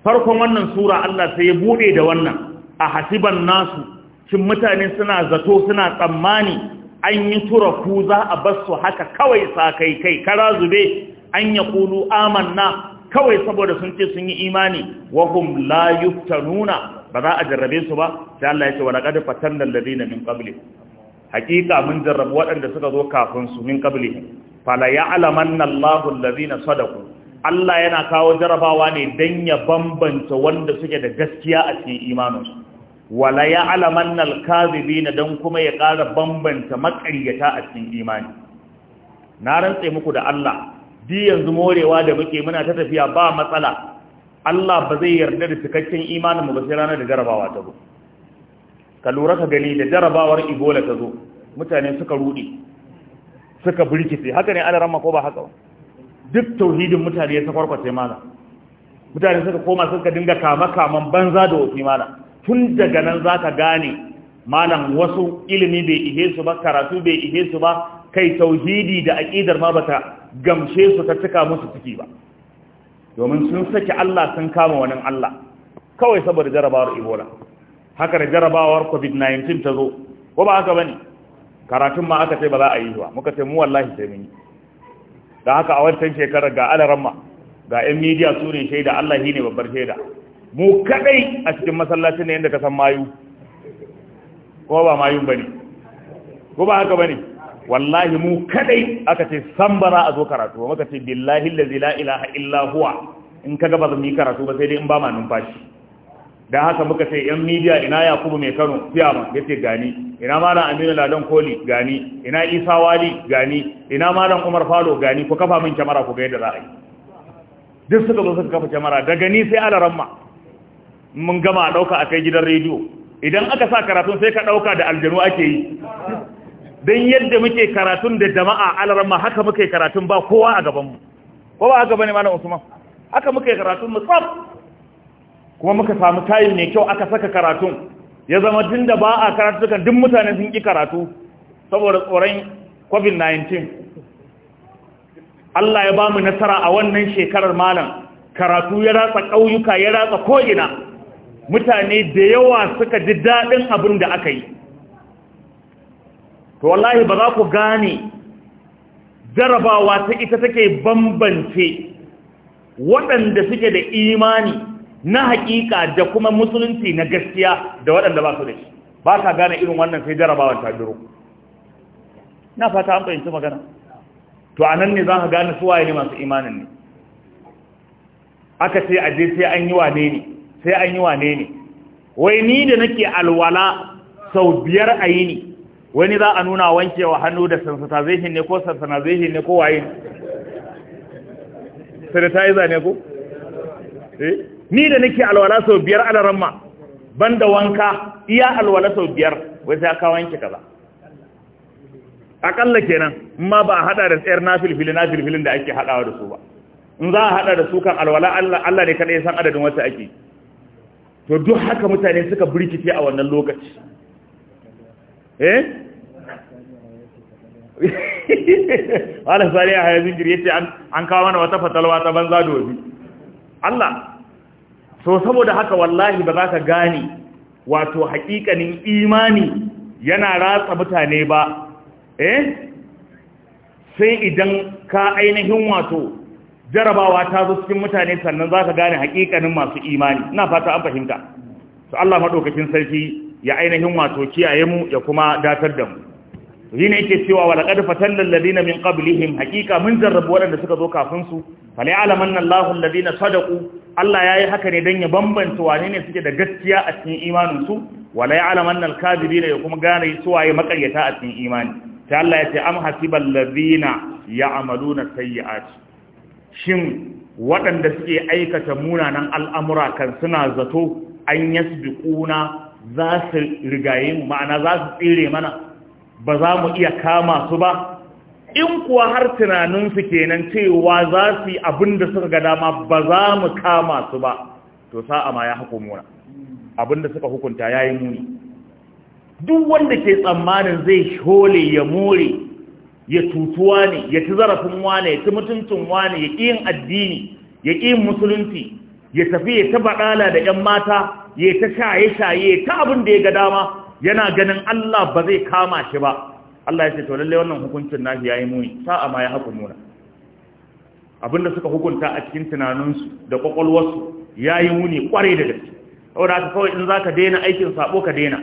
farkon wannan sura Allah sai ya bude da wannan a hasiban nasu shin mutane suna zato suna tsammani an yi turaku za a basu haka kawai sakai kai kara zube an ya kulu amanna kawai saboda sun ce sun yi imani wa hum la yuftanuna ba za a jarrabe su ba sai Allah ya ce wa laqad fatanna alladhina min qablihim hakika mun jarrabu waɗanda suka zo kafin su min qablihim fala ya'lamanna Allahu alladhina sadaqu Allah yana kawo jarrabawa ne dan ya bambanta wanda suke da gaskiya a cikin imaninsu wala ya alamanna na dan kuma ya ƙara bambanta makaryata a cikin imani na rantse muku da Allah di yanzu morewa da muke muna ta tafiya ba matsala Allah ba zai yarda da cikakken imanin mu ba sai ranar da jarabawa ta zo ka lura ka gani da jarabawar Ebola ta zo mutane suka rudi suka burkice haka ne alaran ko ba haka duk tauhidin mutane ya sakwarkwace mana mutane suka koma suka dinga kama kaman banza da wasu mana tun daga nan za ka gane malam wasu ilimi bai ihe su ba karatu bai ihe su ba kai tauhidi da aƙidar ma bata gamshe su ta cika musu ciki ba domin sun saki Allah sun kama wani Allah kawai saboda jarabawar Ebola haka da jarabawar COVID-19 ta zo ko ba haka bane karatun ma aka ce ba za a yi zuwa, muka ce mu wallahi sai mun yi da haka a wancan shekarar ga alaramma ga 'yan midiya su ne shaida Allah hi ne babbar shaida mu kadai a cikin masallacin ne yadda ka san mayu ko ba mayun bane ko ba haka bane wallahi mu kadai aka ce san bara a zo karatu maka ce billahi allazi la ilaha illa huwa in kaga ba mu karatu ba sai dai in ba ma numfashi dan haka muka ce yan media ina yakubu mai kano fiyama yace gani ina malam aminu ladan koli gani ina isa wali gani ina malam umar falo gani ku kafa min kyamara ku ga yadda za a yi duk suka zo suka kafa kyamara daga ni sai alaramma mun gama a ɗauka a kai gidan rediyo idan aka sa karatun sai ka ɗauka da aljanu ake yi don yadda muke karatun da jama'a alarma haka muke karatun ba kowa a gabanmu ko ba haka bane malam usman haka muke karatun mu tsaf kuma muka samu tayin mai kyau aka saka karatun ya zama tun da ba a karatu dukan duk mutane sun ƙi karatu saboda tsoron covid-19 Allah ya ba mu nasara a wannan shekarar malam karatu ya ratsa ƙauyuka ya ratsa ko'ina mutane da yawa suka ji daɗin abin da aka yi to wallahi ba za ku gane jarabawa ta ita take bambance waɗanda suke da imani na haƙiƙa da kuma musulunci na gaskiya da waɗanda ba su da shi ba ka gane irin wannan sai jarabawa ta duro na fata an fahimci magana to a nan ne za ka gane su waye ne masu imanin ne aka ce je sai an yi wane ne sai an yi wane ne wai ni da nake alwala sau biyar a yi ni wani za a nuna wanke wa hannu da sensitization ne ko sensitization ne ko waye sanitizer ne ko eh, ni da nake alwala sau biyar a ramma ban da wanka iya alwala sau biyar wai sai ka wanke kaza akalla kenan in ma ba a hada da tsayar na filfili na filfilin da ake hadawa da su ba in za a hada da su kan alwala Allah ne kada ya san adadin wata ake to duk haka mutane suka birkice a wannan lokaci eh wala <laughs> sai ya hayazin jiri yace an kawo mana wata fatalwa ta banza dozi Allah so saboda haka wallahi ba za ka gane wato hakikanin imani yana ratsa mutane ba eh sai idan ka ainihin wato jarabawa ta zo cikin mutane sannan za ka gane hakikanin masu imani ina fata an fahimta to Allah madaukakin sarki ya ainihin wato kiyaye mu ya kuma datar da mu shi ne yake cewa wa laqad fatanna alladhina min qablihim haqiqa mun jarrabu waɗanda suka zo kafin su fala ya'laman Ladina alladhina sadaqu Allah yayi haka ne dan ya bambanta wane ne suke da gaskiya a cikin imanin su wala ya'laman al-kadhibina ya kuma gane su waye makaryata a cikin imani sai Allah ya ce am hasibal ladhina ya'maluna sayyi'ati shin waɗanda suke aikata munanan al'amura kan suna zato an ƙuna za su rigaye ma'ana za su tsere mana ba za mu iya kama su ba in kuwa har tunaninsu kenan cewa za su yi abin da suka ga dama ba za mu kama su ba to sa'a ma ya haƙo muna abin da suka hukunta ya yi muni duk wanda ke tsammanin zai shole ya more ya tutuwa ne ya ci zarafin wane ya ci mutuncin wane ya ƙi yin addini ya ƙi yin musulunci ya tafi ya ta baɗala da 'yan mata ya ta shaye-shaye ta abin da ya ga dama yana ganin Allah ba zai kama shi ba Allah ya ce to lalle wannan hukuncin nashi yi muni sa'a ma ya haƙu muna da suka hukunta a cikin tunaninsu da ƙwaƙwalwarsu ya yi muni ƙwarai da gaske saboda haka kawai in ka daina aikin saɓo ka daina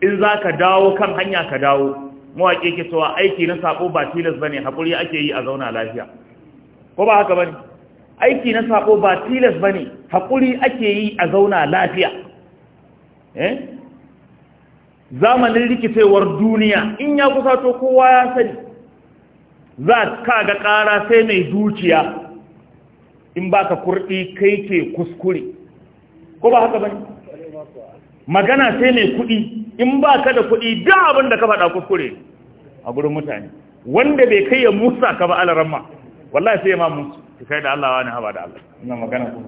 in za ka dawo kan hanya ka dawo mawaƙi ke cewa aiki na sako ba tilas bane hakuri ake yi a zauna lafiya ko ba haka bane aiki na sako ba tilas bane hakuri ake yi a zauna lafiya eh zamanin rikicewar duniya in ya kusa to kowa ya sani za ka ga ƙara sai mai dukiya in ba ka kurɗi kai ke kuskure ko ba haka bane magana sai mai kuɗi in ba ka da kuɗi da abin da ka faɗa kuskure a gurin mutane wanda bai kai ya musa ka ba alaran ma wallahi sai ya ma musu ki kai da Allah wani haba da Allah ina magana ku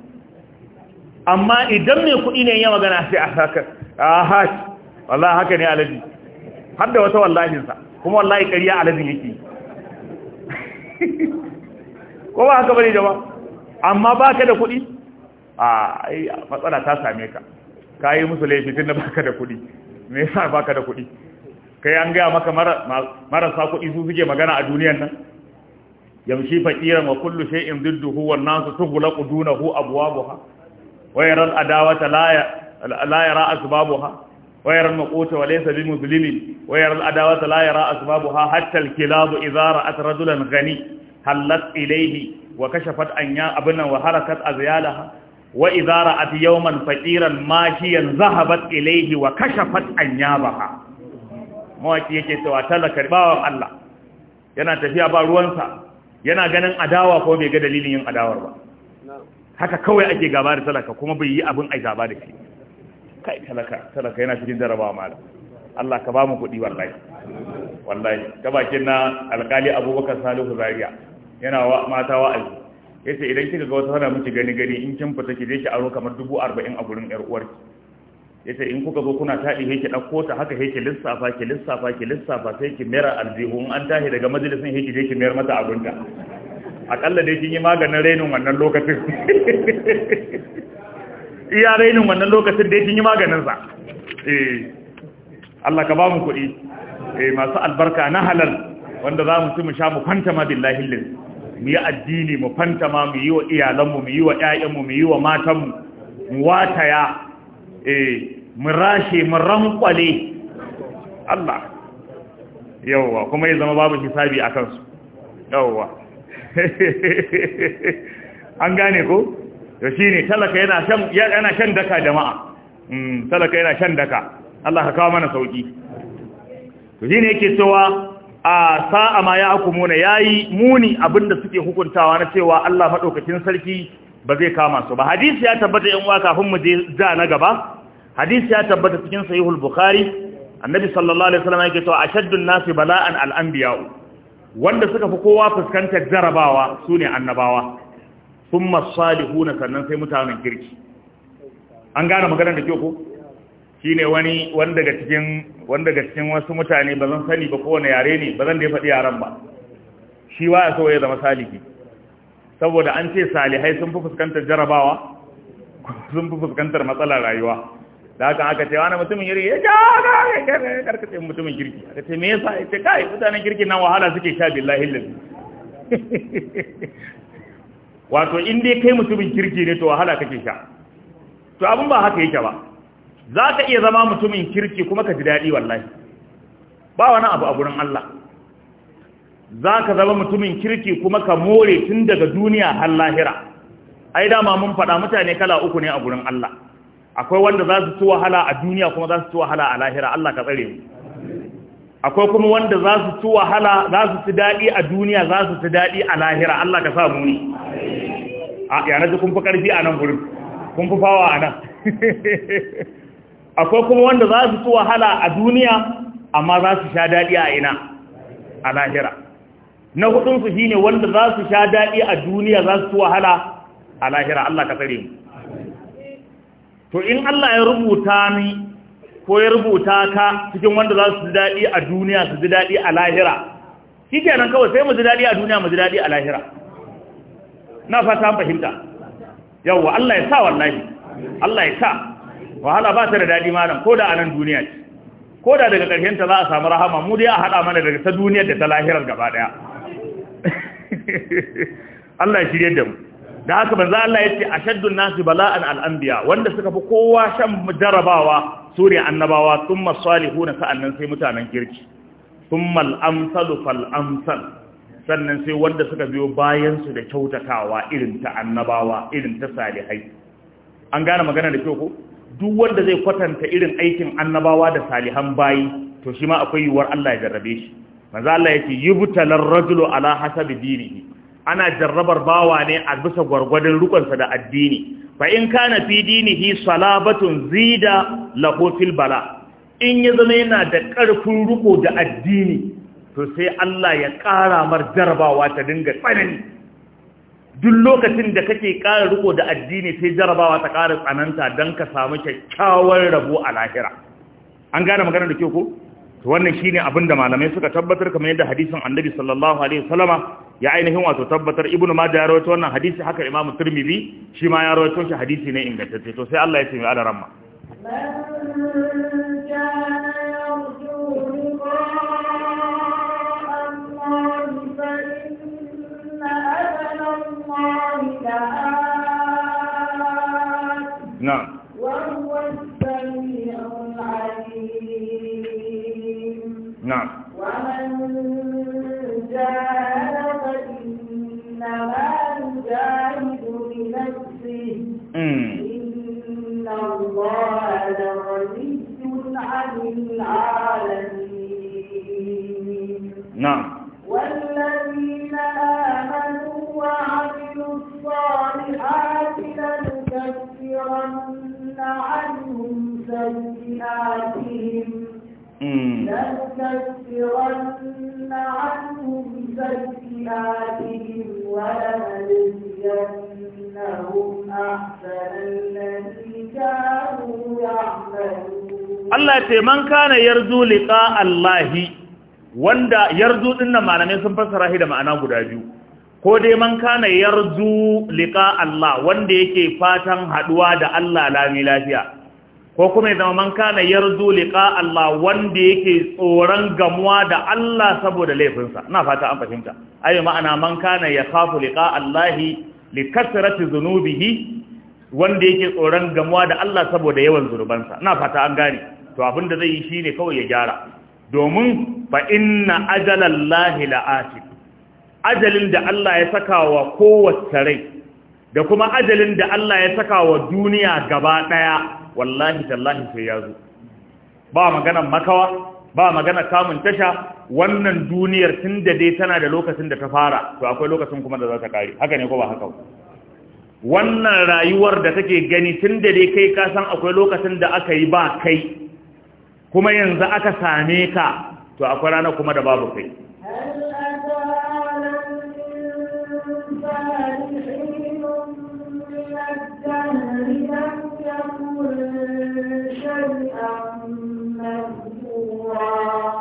amma idan mai kuɗi ne ya magana sai a haka a haka wallahi haka ne alaji har da wata wallahin sa kuma wallahi ƙarya alaji yake <laughs> ko ba haka bane jama'a amma ba ka da kuɗi a matsala ta same ka kayi musu laifi tun da baka da kuɗi me yasa baka da kuɗi kai an gaya maka marasa kuɗi su suke magana a duniyar nan yamshi faqiran wa kullu shay'in didduhu wan nasu tughlaqu dunahu abwabuha wa yara al-adawata la la yara asbabuha wa yara al wa laysa bimuzlimin wa yara adawata la yara asbabuha hatta al-kilab idha ra'at rajulan ghani halat ilayhi wa kashafat an ya wa harakat azyalaha wa idara at yawman faqiran mahiyan zahabat ilayhi wa kashafat anyabaha mawaki yake cewa talaka bawan Allah yana tafiya ba ruwansa yana ganin adawa ko bai ga dalilin yin adawar ba haka kawai ake gaba da talaka kuma bai yi abin ai gaba da shi kai talaka talaka yana cikin jarabawa mala Allah ka ba mu kuɗi wallahi wallahi ta bakin na alƙali Abubakar Salihu Zaria yana mata wa'azi yace idan kika ga wata tana miki gani gani in kin fita ki je ki aro kamar dubu arba'in a gurin yar ki yace in kuka zo kuna tadi heke ɗauko ta haka heke lissafa ki lissafa ki lissafa sai ki mera aljihu in an tahi daga majalisin heke je ki mayar mata abunta akalla dai kin yi maganin rainin wannan lokacin <laughs> iya rainin wannan lokacin dai kin yi maganin sa eh Allah ka ba mu kuɗi eh masu albarka na halal wanda za mu ci mu sha mu kwanta ma billahi lillahi mu yi addini mu fantama mu yi wa iyalanmu mu yi wa ƴaƴanmu mu yi wa matanmu mu wataya eh mu rashe mu rankwale Allah yawwa kuma ya zama babu hisabi a kansu yawwa <laughs> an gane ko da shi ne talaka yana shan daka jama'a mm, talaka yana shan daka Allah ka kawo mana sauki to shi ne yake cewa a sa'a ma ya hukumuna yayi muni abinda suke hukuntawa na cewa Allah madaukakin sarki ba zai kama su ba hadisi ya tabbata yan uwa kafin mu je ja na gaba hadisi ya tabbata cikin sahihul bukhari annabi sallallahu alaihi wasallam yake cewa ashaddun nasi bala'an al-anbiya wanda suka fi kowa fuskantar jarabawa sune annabawa thumma salihuna sannan sai mutanen kirki an gane maganar da kyau ko shine wani wani daga cikin daga cikin wasu mutane ba zan sani ba kowane yare ne ba zan da ya faɗi yaran ba shi ba so ya zama saliki saboda an ce salihai sun fi fuskantar jarabawa sun fi fuskantar matsalar rayuwa da haka aka ce wani mutumin yiri ya ja ah, ga karkace mutumin kirki aka ce me yasa ya ce kai mutanen kirki nan wahala suke sha billahi lillahi <laughs> wato in dai kai mutumin kirki ne to wahala kake sha to abin ba haka yake ba za ka iya zama mutumin kirki kuma ka ji daɗi wallahi ba wani abu a gurin Allah za ka zama mutumin kirki kuma ka more tun daga duniya har lahira ai dama mun faɗa mutane kala uku ne a gurin Allah akwai wanda za su ci wahala a duniya kuma za su ci wahala a lahira Allah ka tsare mu akwai kuma wanda za su ci wahala za su ci daɗi a duniya za su ci daɗi a lahira Allah ka sa mu ni a yana ji kun fi ƙarfi a nan gurin kun fi fawa a nan <laughs> akwai kuma wanda za su wahala a duniya amma za su sha daɗi a ina a lahira na hudunsu shi ne wanda za su sha daɗi a duniya za su wahala a lahira Allah ka tsare mu to in Allah ya rubuta ni ko ya rubuta ka cikin wanda za su ji daɗi a duniya su ji daɗi a lahira shi kenan kawai sai mu ji daɗi a duniya mu ji daɗi a lahira na fata fahimta yawwa Allah ya sa wallahi Allah ya sa wahala ba ta da daɗi malam ko da a nan duniya ce ko da daga ƙarfin ta za a samu rahama mu dai a haɗa mana daga ta duniya da ta lahirar gaba ɗaya <laughs> Allah ya shirye da mu da haka banza Allah ya ce ashaddun nasi bala'an al'anbiya wanda suka fi kowa shan jarabawa su ne annabawa sun masalihu na sa'annan sai mutanen kirki sun mal'amsalu fal'amsal sannan sai wanda suka biyo bayan su da kyautatawa irin ta annabawa irin ta salihai an gane magana da kyau ko duk wanda zai kwatanta irin aikin annabawa da salihan bayi to shi ma akwai yiwuwar Allah ya jarrabe shi manzo Allah yake yubtalar rajulu ala hasabi dinihi ana jarrabar bawa ne a bisa gwargwadon rukunsa da addini fa in kana fi dinihi salabatun zida lahu fil bala in ya zama yana da karfin ruko da addini to sai Allah ya kara mar jarrabawa ta dinga tsanani duk lokacin da kake ƙara riko da addini sai jarabawa ta ƙara tsananta don ka samu kyakkyawar rabo a lahira an gane magana da ke ku? to wannan ne abin da malamai suka tabbatar kamar yadda hadisin annabi sallallahu alaihi wasallama ya ainihin wato tabbatar ibnu majah ya rawaito wannan hadisi haka imam tirmidhi shi ma ya rawaito shi hadisi ne ingantacce to sai Allah ya ce mai alaramma man liman kana yarzu liqa Allahi wanda yarzu dinnan malamai sun fassara shi da ma'ana guda biyu ko dai man kana yarzu liqa Allah wanda yake fatan haduwa da Allah lami lafiya ko kuma zama man kana yarzu liqa Allah wanda yake tsoron gamuwa da Allah saboda laifinsa ina fata an fahimta ayi ma'ana man kana yakhafu liqa Allah likasrati kasrati dhunubihi wanda yake tsoron gamuwa da Allah saboda yawan zurbansa ina fata an gane to abin da zai yi shine kawai ya gyara domin fa inna ajalallahi la'ati ajalin da Allah ya saka wa kowace rai da kuma ajalin da Allah ya saka wa duniya gaba daya wallahi tallahi sai ya zo ba magana makawa ba magana kamun tasha wannan duniyar tun da dai tana da lokacin da ta fara to akwai lokacin kuma da za ta kare haka ne ko ba haka wannan rayuwar da take gani tun da dai kai ka san akwai lokacin da aka yi ba kai kuma yanzu aka same ka to akwai rana kuma da babu kai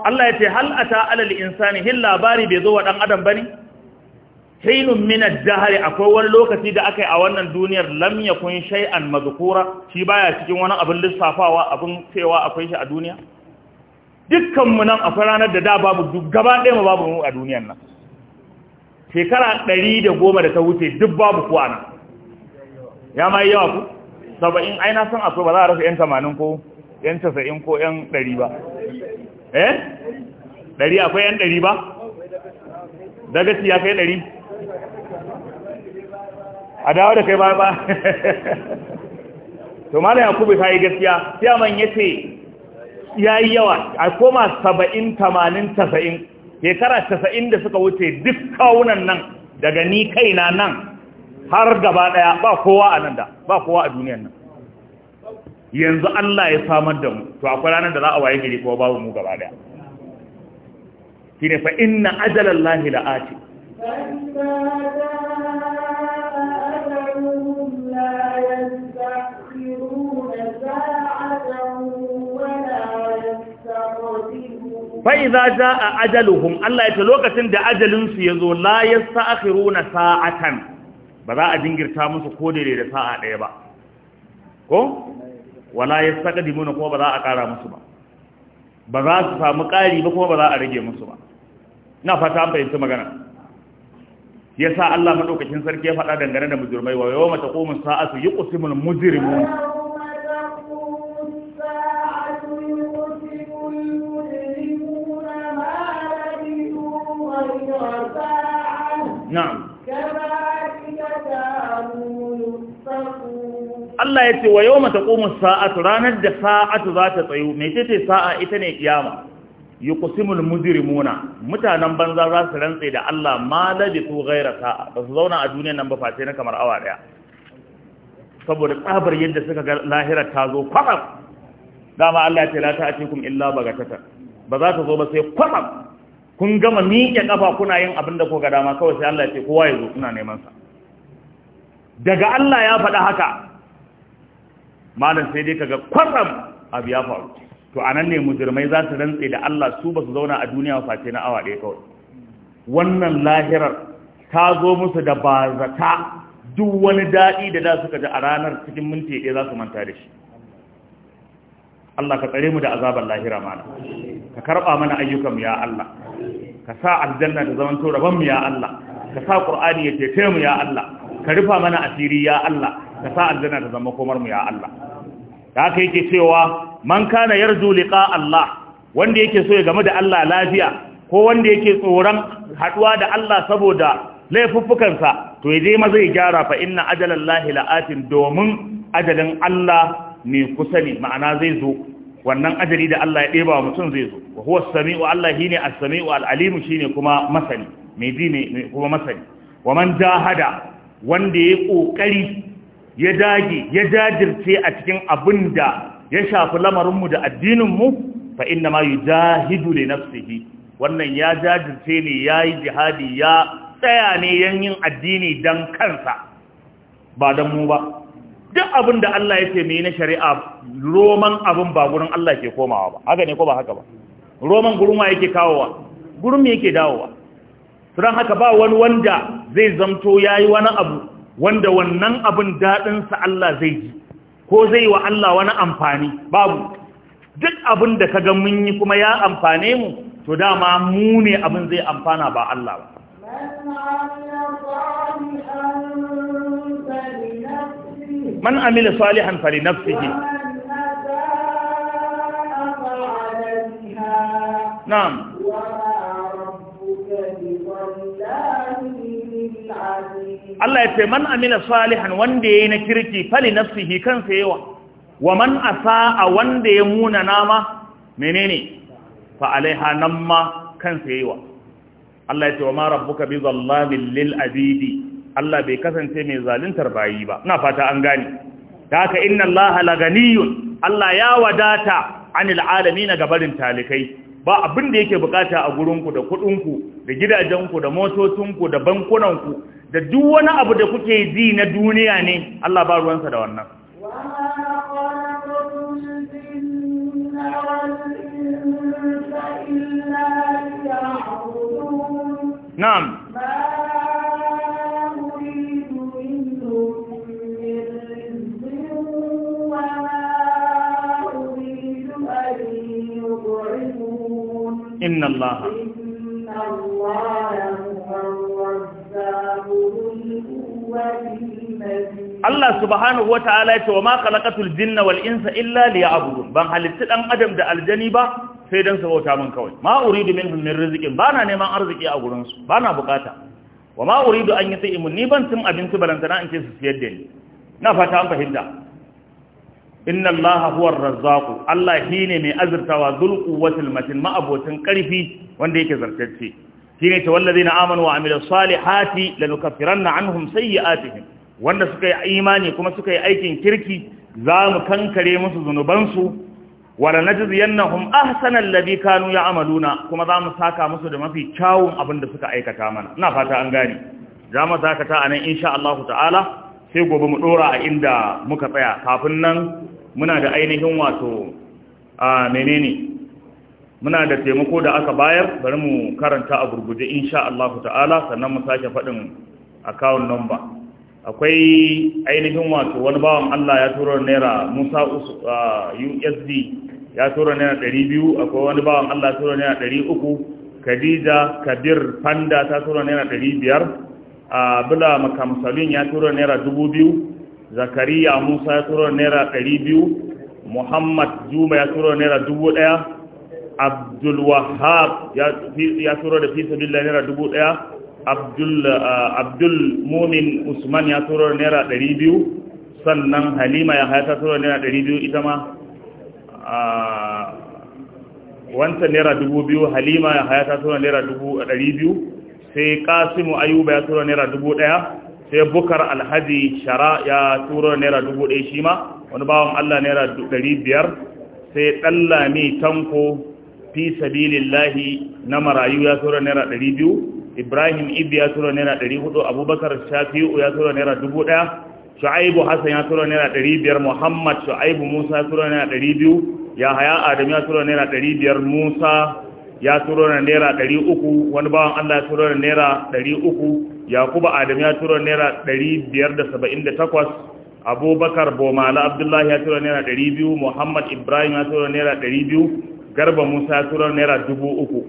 Allah ya ce hal ata alal insani hin labari bai zo wa dan adam bane hainun minar jahari akwai wani lokaci da aka yi a wannan duniyar lam yakun shay'an mazukura shi baya cikin wani abin lissafawa abin cewa akwai shi a duniya Dukkanmu nan akwai ranar da da babu gaba ɗaya babu mu a duniyar nan shekara ɗari da goma da ta wuce duk babu kuwa nan ya ma yi yawa ku saba'in aina san akwai ba za a rasa yan tamanin ko yan tasa'in ko yan ɗari ba eh ɗari akwai yan ɗari ba daga ya kai ɗari a dawo da kai ba ba to mala yakubu ta yi gaskiya siyaman ya ce ya yi yawa a koma saba'in tamanin tasa'in shekara tasa'in da suka wuce duk kawunan nan daga ni kaina nan har gaba daya ba kowa a nan da ba kowa a duniyan nan yanzu Allah ya samar da mu to akwai ranar da za a waye gari kuma babu mu gaba daya shine fa inna ajalallahi la'ati fa'iza za a ajalu ajaluhum Allah ya ce lokacin da ajalinsu ya zo la ya sa'akiru na sa'atan ba za a jingirta musu ko daidai da sa'a ɗaya ba ko? wala ya saka dimuna ko ba za a ƙara musu ba ba za su samu ƙari ba ko ba za a rage musu ba na fata an fahimci magana ya sa Allah madaukakin sarki ya faɗa dangane da mujirmai wa yawon mata komin sa'atu yi ƙusimin mujirmun Allah ya ce wa yau mata ƙomin sa'atu ranar da sa'atu za ta tsayu, mai ce ce sa'a ita ne kiyama. yuqsimul mujrimuna mutanen banza za su rantse da Allah ma su ghaira sa'a ba su zauna a duniyar nan ba face na kamar awa daya saboda tsabar yadda suka ga lahirar ta zo kwatsam dama Allah ya ce a ta'atikum illa bagatatan ba za ta zo ba sai kwatsam kun gama miƙe kafa kuna yin abin da kuka dama kawai sai Allah ya ce kowa ya zo kuna neman sa daga Allah ya faɗa haka malam sai dai kaga kwatsam abu ya faru to a nan ne mujirmai za su rantse da Allah su ba su zauna a duniya face na awa ɗaya kawai wannan lahirar ta zo musu da bazata duk wani daɗi da za su ji a ranar cikin minti ɗaya za su manta da shi Allah ka tsare mu da azabar lahira mana ka karɓa mana ayyukanmu ya Allah ka sa aljanna ta zaman to mu ya Allah ka sa qur'ani ya tete mu ya Allah ka rufa mana asiri ya Allah ka sa aljanna ta zama komar mu ya Allah da aka yake cewa man kana yarju liqa Allah wanda yake so ya game da Allah lafiya ko wanda yake tsoron haduwa da Allah saboda laifuffukansa to yaje ma zai gyara fa inna ajalallahi la'atin domin ajalin Allah ne kusa ne ma'ana zai zo wannan ajali da Allah ya deba mutum zai zo wa huwa as-sami'u Allah shine as-sami'u al-alim shine kuma masani mai dine kuma masani wa man jahada wanda ya kokari ya dage ya jajirce a cikin abin da ya shafi lamarinmu da addininmu fa inna ma yujahidu li nafsihi wannan ya jajirce ne yayi jihadi ya tsaya ne yin addini dan kansa ba dan mu ba duk abin da Allah ya ce mai na shari'a roman abin ba gurin Allah ke komawa ba haka ne ko ba haka ba roman gurin wa yake kawowa gurin me yake dawowa don haka ba wani wanda zai zamto yayi wani abu wanda wannan abin daɗinsa Allah zai ji ko zai wa Allah wani amfani babu duk abin da ka ga mun yi kuma ya amfane mu to dama mu ne abin zai amfana ba Allah ba man amila salihan fali nafsihi na'am wa rabbuka bi Allah ya ce man amina salihan wanda yayi na kirki fali nafsihi kansa yawa wa man asaa wanda ya muna nama menene fa alaiha nan ma kansa yawa Allah ya ce wa ma rabbuka bi zallamin lil abidi Allah bai kasance mai zaluntar bayi ba ina fata an gane da inna Allah laganiyun Allah ya wadata anil alamin gabarin talikai ba abin da yake bukata a gurinku da kudinku da gidajenku da motocinku da bankunanku da duk wani abu da kuke ji na duniya ne Allah ba ruwansa da wannan na'am inna Allah Allah subhanahu wa ta'ala ya ce wa ma khalaqatul jinna wal insa illa liya'budun ban halittu dan adam da aljani ba sai dan su bauta min kawai ma domin minhum rizikin, ba na neman arziki a gurinsu, ba na bukata wa ma uridu an yutaimun ni ban cin abinci balantana in ce su siyar da ni na fata an fahimta inna allaha huwa ar Allah shine mai azurtawa dhul quwwatil matin ma'abotin karfi wanda yake zartacce shine ce wallazina amanu wa amilus salihati lanukaffiranna anhum sayyi'atihim wanda suka yi imani kuma suka yi aikin kirki za mu kankare musu zunubansu wala najziyannahum ahsana alladhi kanu ya'maluna kuma za mu saka musu da mafi kyawun abin da suka aikata mana ina fata an gane za mu saka ta anan insha Allah ta'ala sai gobe mu dora a inda muka tsaya kafin nan muna da ainihin wato a menene muna da taimako da aka bayar bari mu karanta a gurguje insha Allah ta'ala sannan mu sake faɗin account number akwai ainihin wato wani bawan Allah ya tura naira Musa USD ya tura naira 200 akwai wani bawan Allah ya tura naira 300 Khadija Kabir Panda ta tura naira 500 a bula makamsalin ya turo naira dubu biyu zakariya musa ya turo naira ɗari biyu muhammad juma ya turo naira dubu ɗaya abdulwahab ya turo da fisa billa naira dubu ɗaya uh, abdul mumin usman ya turo naira ɗari biyu sannan halima ya haita turo naira ɗari biyu ita ma wancan naira dubu biyu halima ya haita turo naira dubu ɗari biyu sai kasimu ayuba ya tura naira dubu daya sai bukar alhaji shara ya tura naira dubu ɗaya shi ma wani bawan allah naira ɗari biyar sai ɗallami tanko fi sabilillahi na marayu ya tura naira ɗari biyu ibrahim ibi ya tura naira ɗari hudu abubakar shafi'u ya tura naira dubu daya shu'aibu hasan ya tura naira ɗari biyar muhammad shu'aibu musa ya tura naira ɗari biyu yahaya adam ya tura naira ɗari biyar musa ya turo na naira ɗari uku wani bawan Allah ya turo na naira ɗari uku Yakubu adam ya turo naira ɗari biyar da saba'in da takwas abubakar bomala abdullahi ya turo naira ɗari biyu muhammad ibrahim ya turo naira ɗari biyu garba musa ya turo naira dubu uku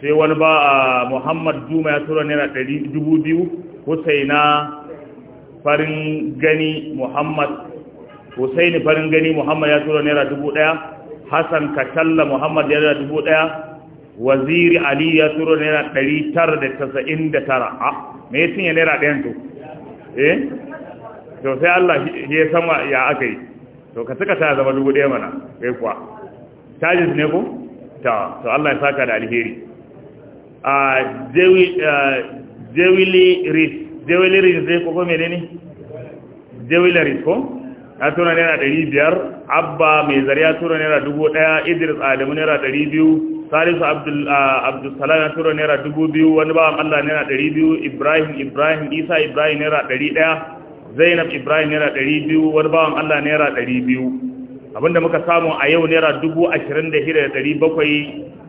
sai wani ba a muhammad juma ya turo naira ɗari dubu biyu husaina farin gani muhammad husaini farin gani muhammad ya turo naira dubu ɗaya hassan katalla muhammad ya turo dubu ɗaya waziri ali ya turo naira ɗari tar da tasa'in da tara a me ya cinye naira ɗayan to eh to sai allah ya sama ya aka yi to ka suka ta zama dubu ɗaya mana kai kuwa charges ne ko ta to allah ya saka da alheri a jewili ris jewili ris zai ko mene ne jewili ris ko ya tura naira ɗari biyar abba mai zariya tura naira dubu ɗaya idris adamu naira ɗari biyu salisu abdulsalam ah, ya turo naira dubu biyu wani bawan allah naira ɗari biyu ibrahim ibrahim isa ibrahim naira ɗari ɗaya zainab ibrahim naira ɗari biyu wani bawan allah naira ɗari biyu abinda muka samu a yau naira dubu ashirin da hira da ɗari bakwai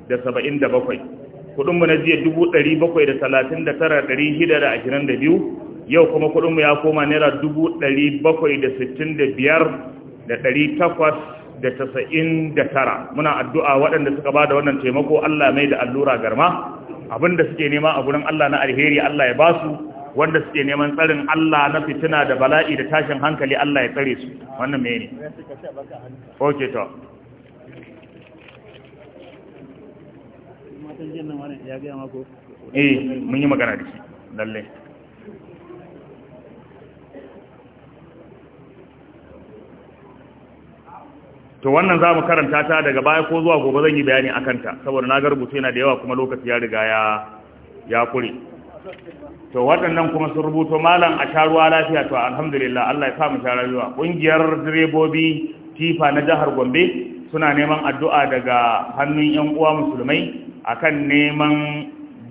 da saba'in da bakwai kudinmu na jiya dubu ɗari bakwai da talatin da tara ɗari hida da ashirin da biyu yau kuma kudinmu ya koma naira dubu ɗari bakwai da sittin da biyar da ɗari takwas da tasa'in da tara muna addu'a waɗanda suka ba da wannan taimako Allah mai da allura garma abinda suke nema a gurin Allah na alheri Allah ya ba su wanda suke neman tsarin Allah na fitina da bala'i da tashin hankali Allah ya tsare su wannan mene ok to eh, mun yi magana da shi lallai to wannan za mu karanta ta daga baya ko zuwa gobe zan yi bayani a kanta saboda na garbuce yana da yawa kuma lokaci ya riga ya ya kure to waɗannan kuma sun rubuto malam a sharuwa lafiya to alhamdulillah Allah ya sa mu shara zuwa. kungiyar direbobi tifa na jihar Gombe suna neman addu'a daga hannun yan uwa musulmai akan neman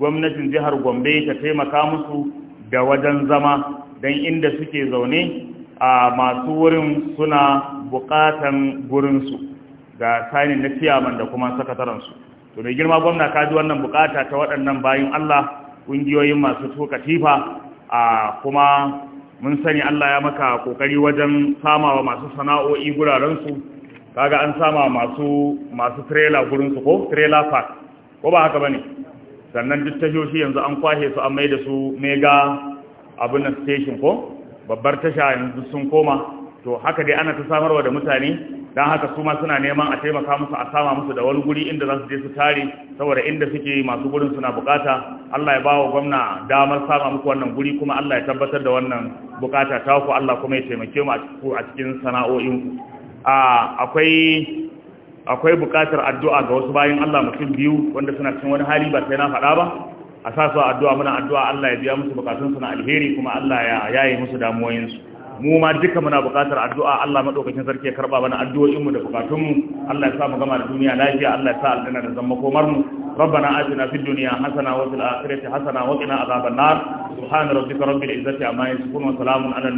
gwamnatin jihar Gombe ta taimaka musu da wajen zama don inda suke zaune a masu wurin suna bukatan gurinsu ga sanin na ciyaman da kuma sakataransu to mai girma gwamna kaji wannan bukata ta waɗannan bayan Allah ƙungiyoyin masu tuka tifa a kuma mun sani Allah ya maka kokari wajen samawa masu sana'o'i gurarensu kaga an sama masu masu trailer gurinsu ko trailer park ko ba haka bane sannan duk tashoshi yanzu an kwashe su an mai da su mega abin station ko babbar tasha yanzu sun koma to haka dai ana ta samarwa da mutane don haka su ma suna neman a taimaka musu a sama musu da wani guri inda za su je su tare saboda inda suke masu gurin suna bukata Allah ya bawa gwamna damar sama muku wannan guri kuma Allah ya tabbatar da wannan bukata ta ku Allah kuma ya taimake mu a cikin sana'o'inku akwai akwai bukatar addu'a ga wasu bayin Allah mutum biyu wanda suna cikin wani hali ba sai na faɗa ba a sa su addu'a muna addu'a Allah ya biya musu bukatunsu na alheri kuma Allah ya yaye musu damuwoyinsu mu ma duka muna bukatar addu'a Allah madaukakin sarki ya karba mana addu'o'inmu da bukatunmu Allah ya sa mu gama da duniya lafiya Allah ya sa aljanna da zama komar mu dunya hasana wa fil akhirati hasana wa qina adhaban nar subhana rabbika rabbil izzati amma yasifun wa salamun على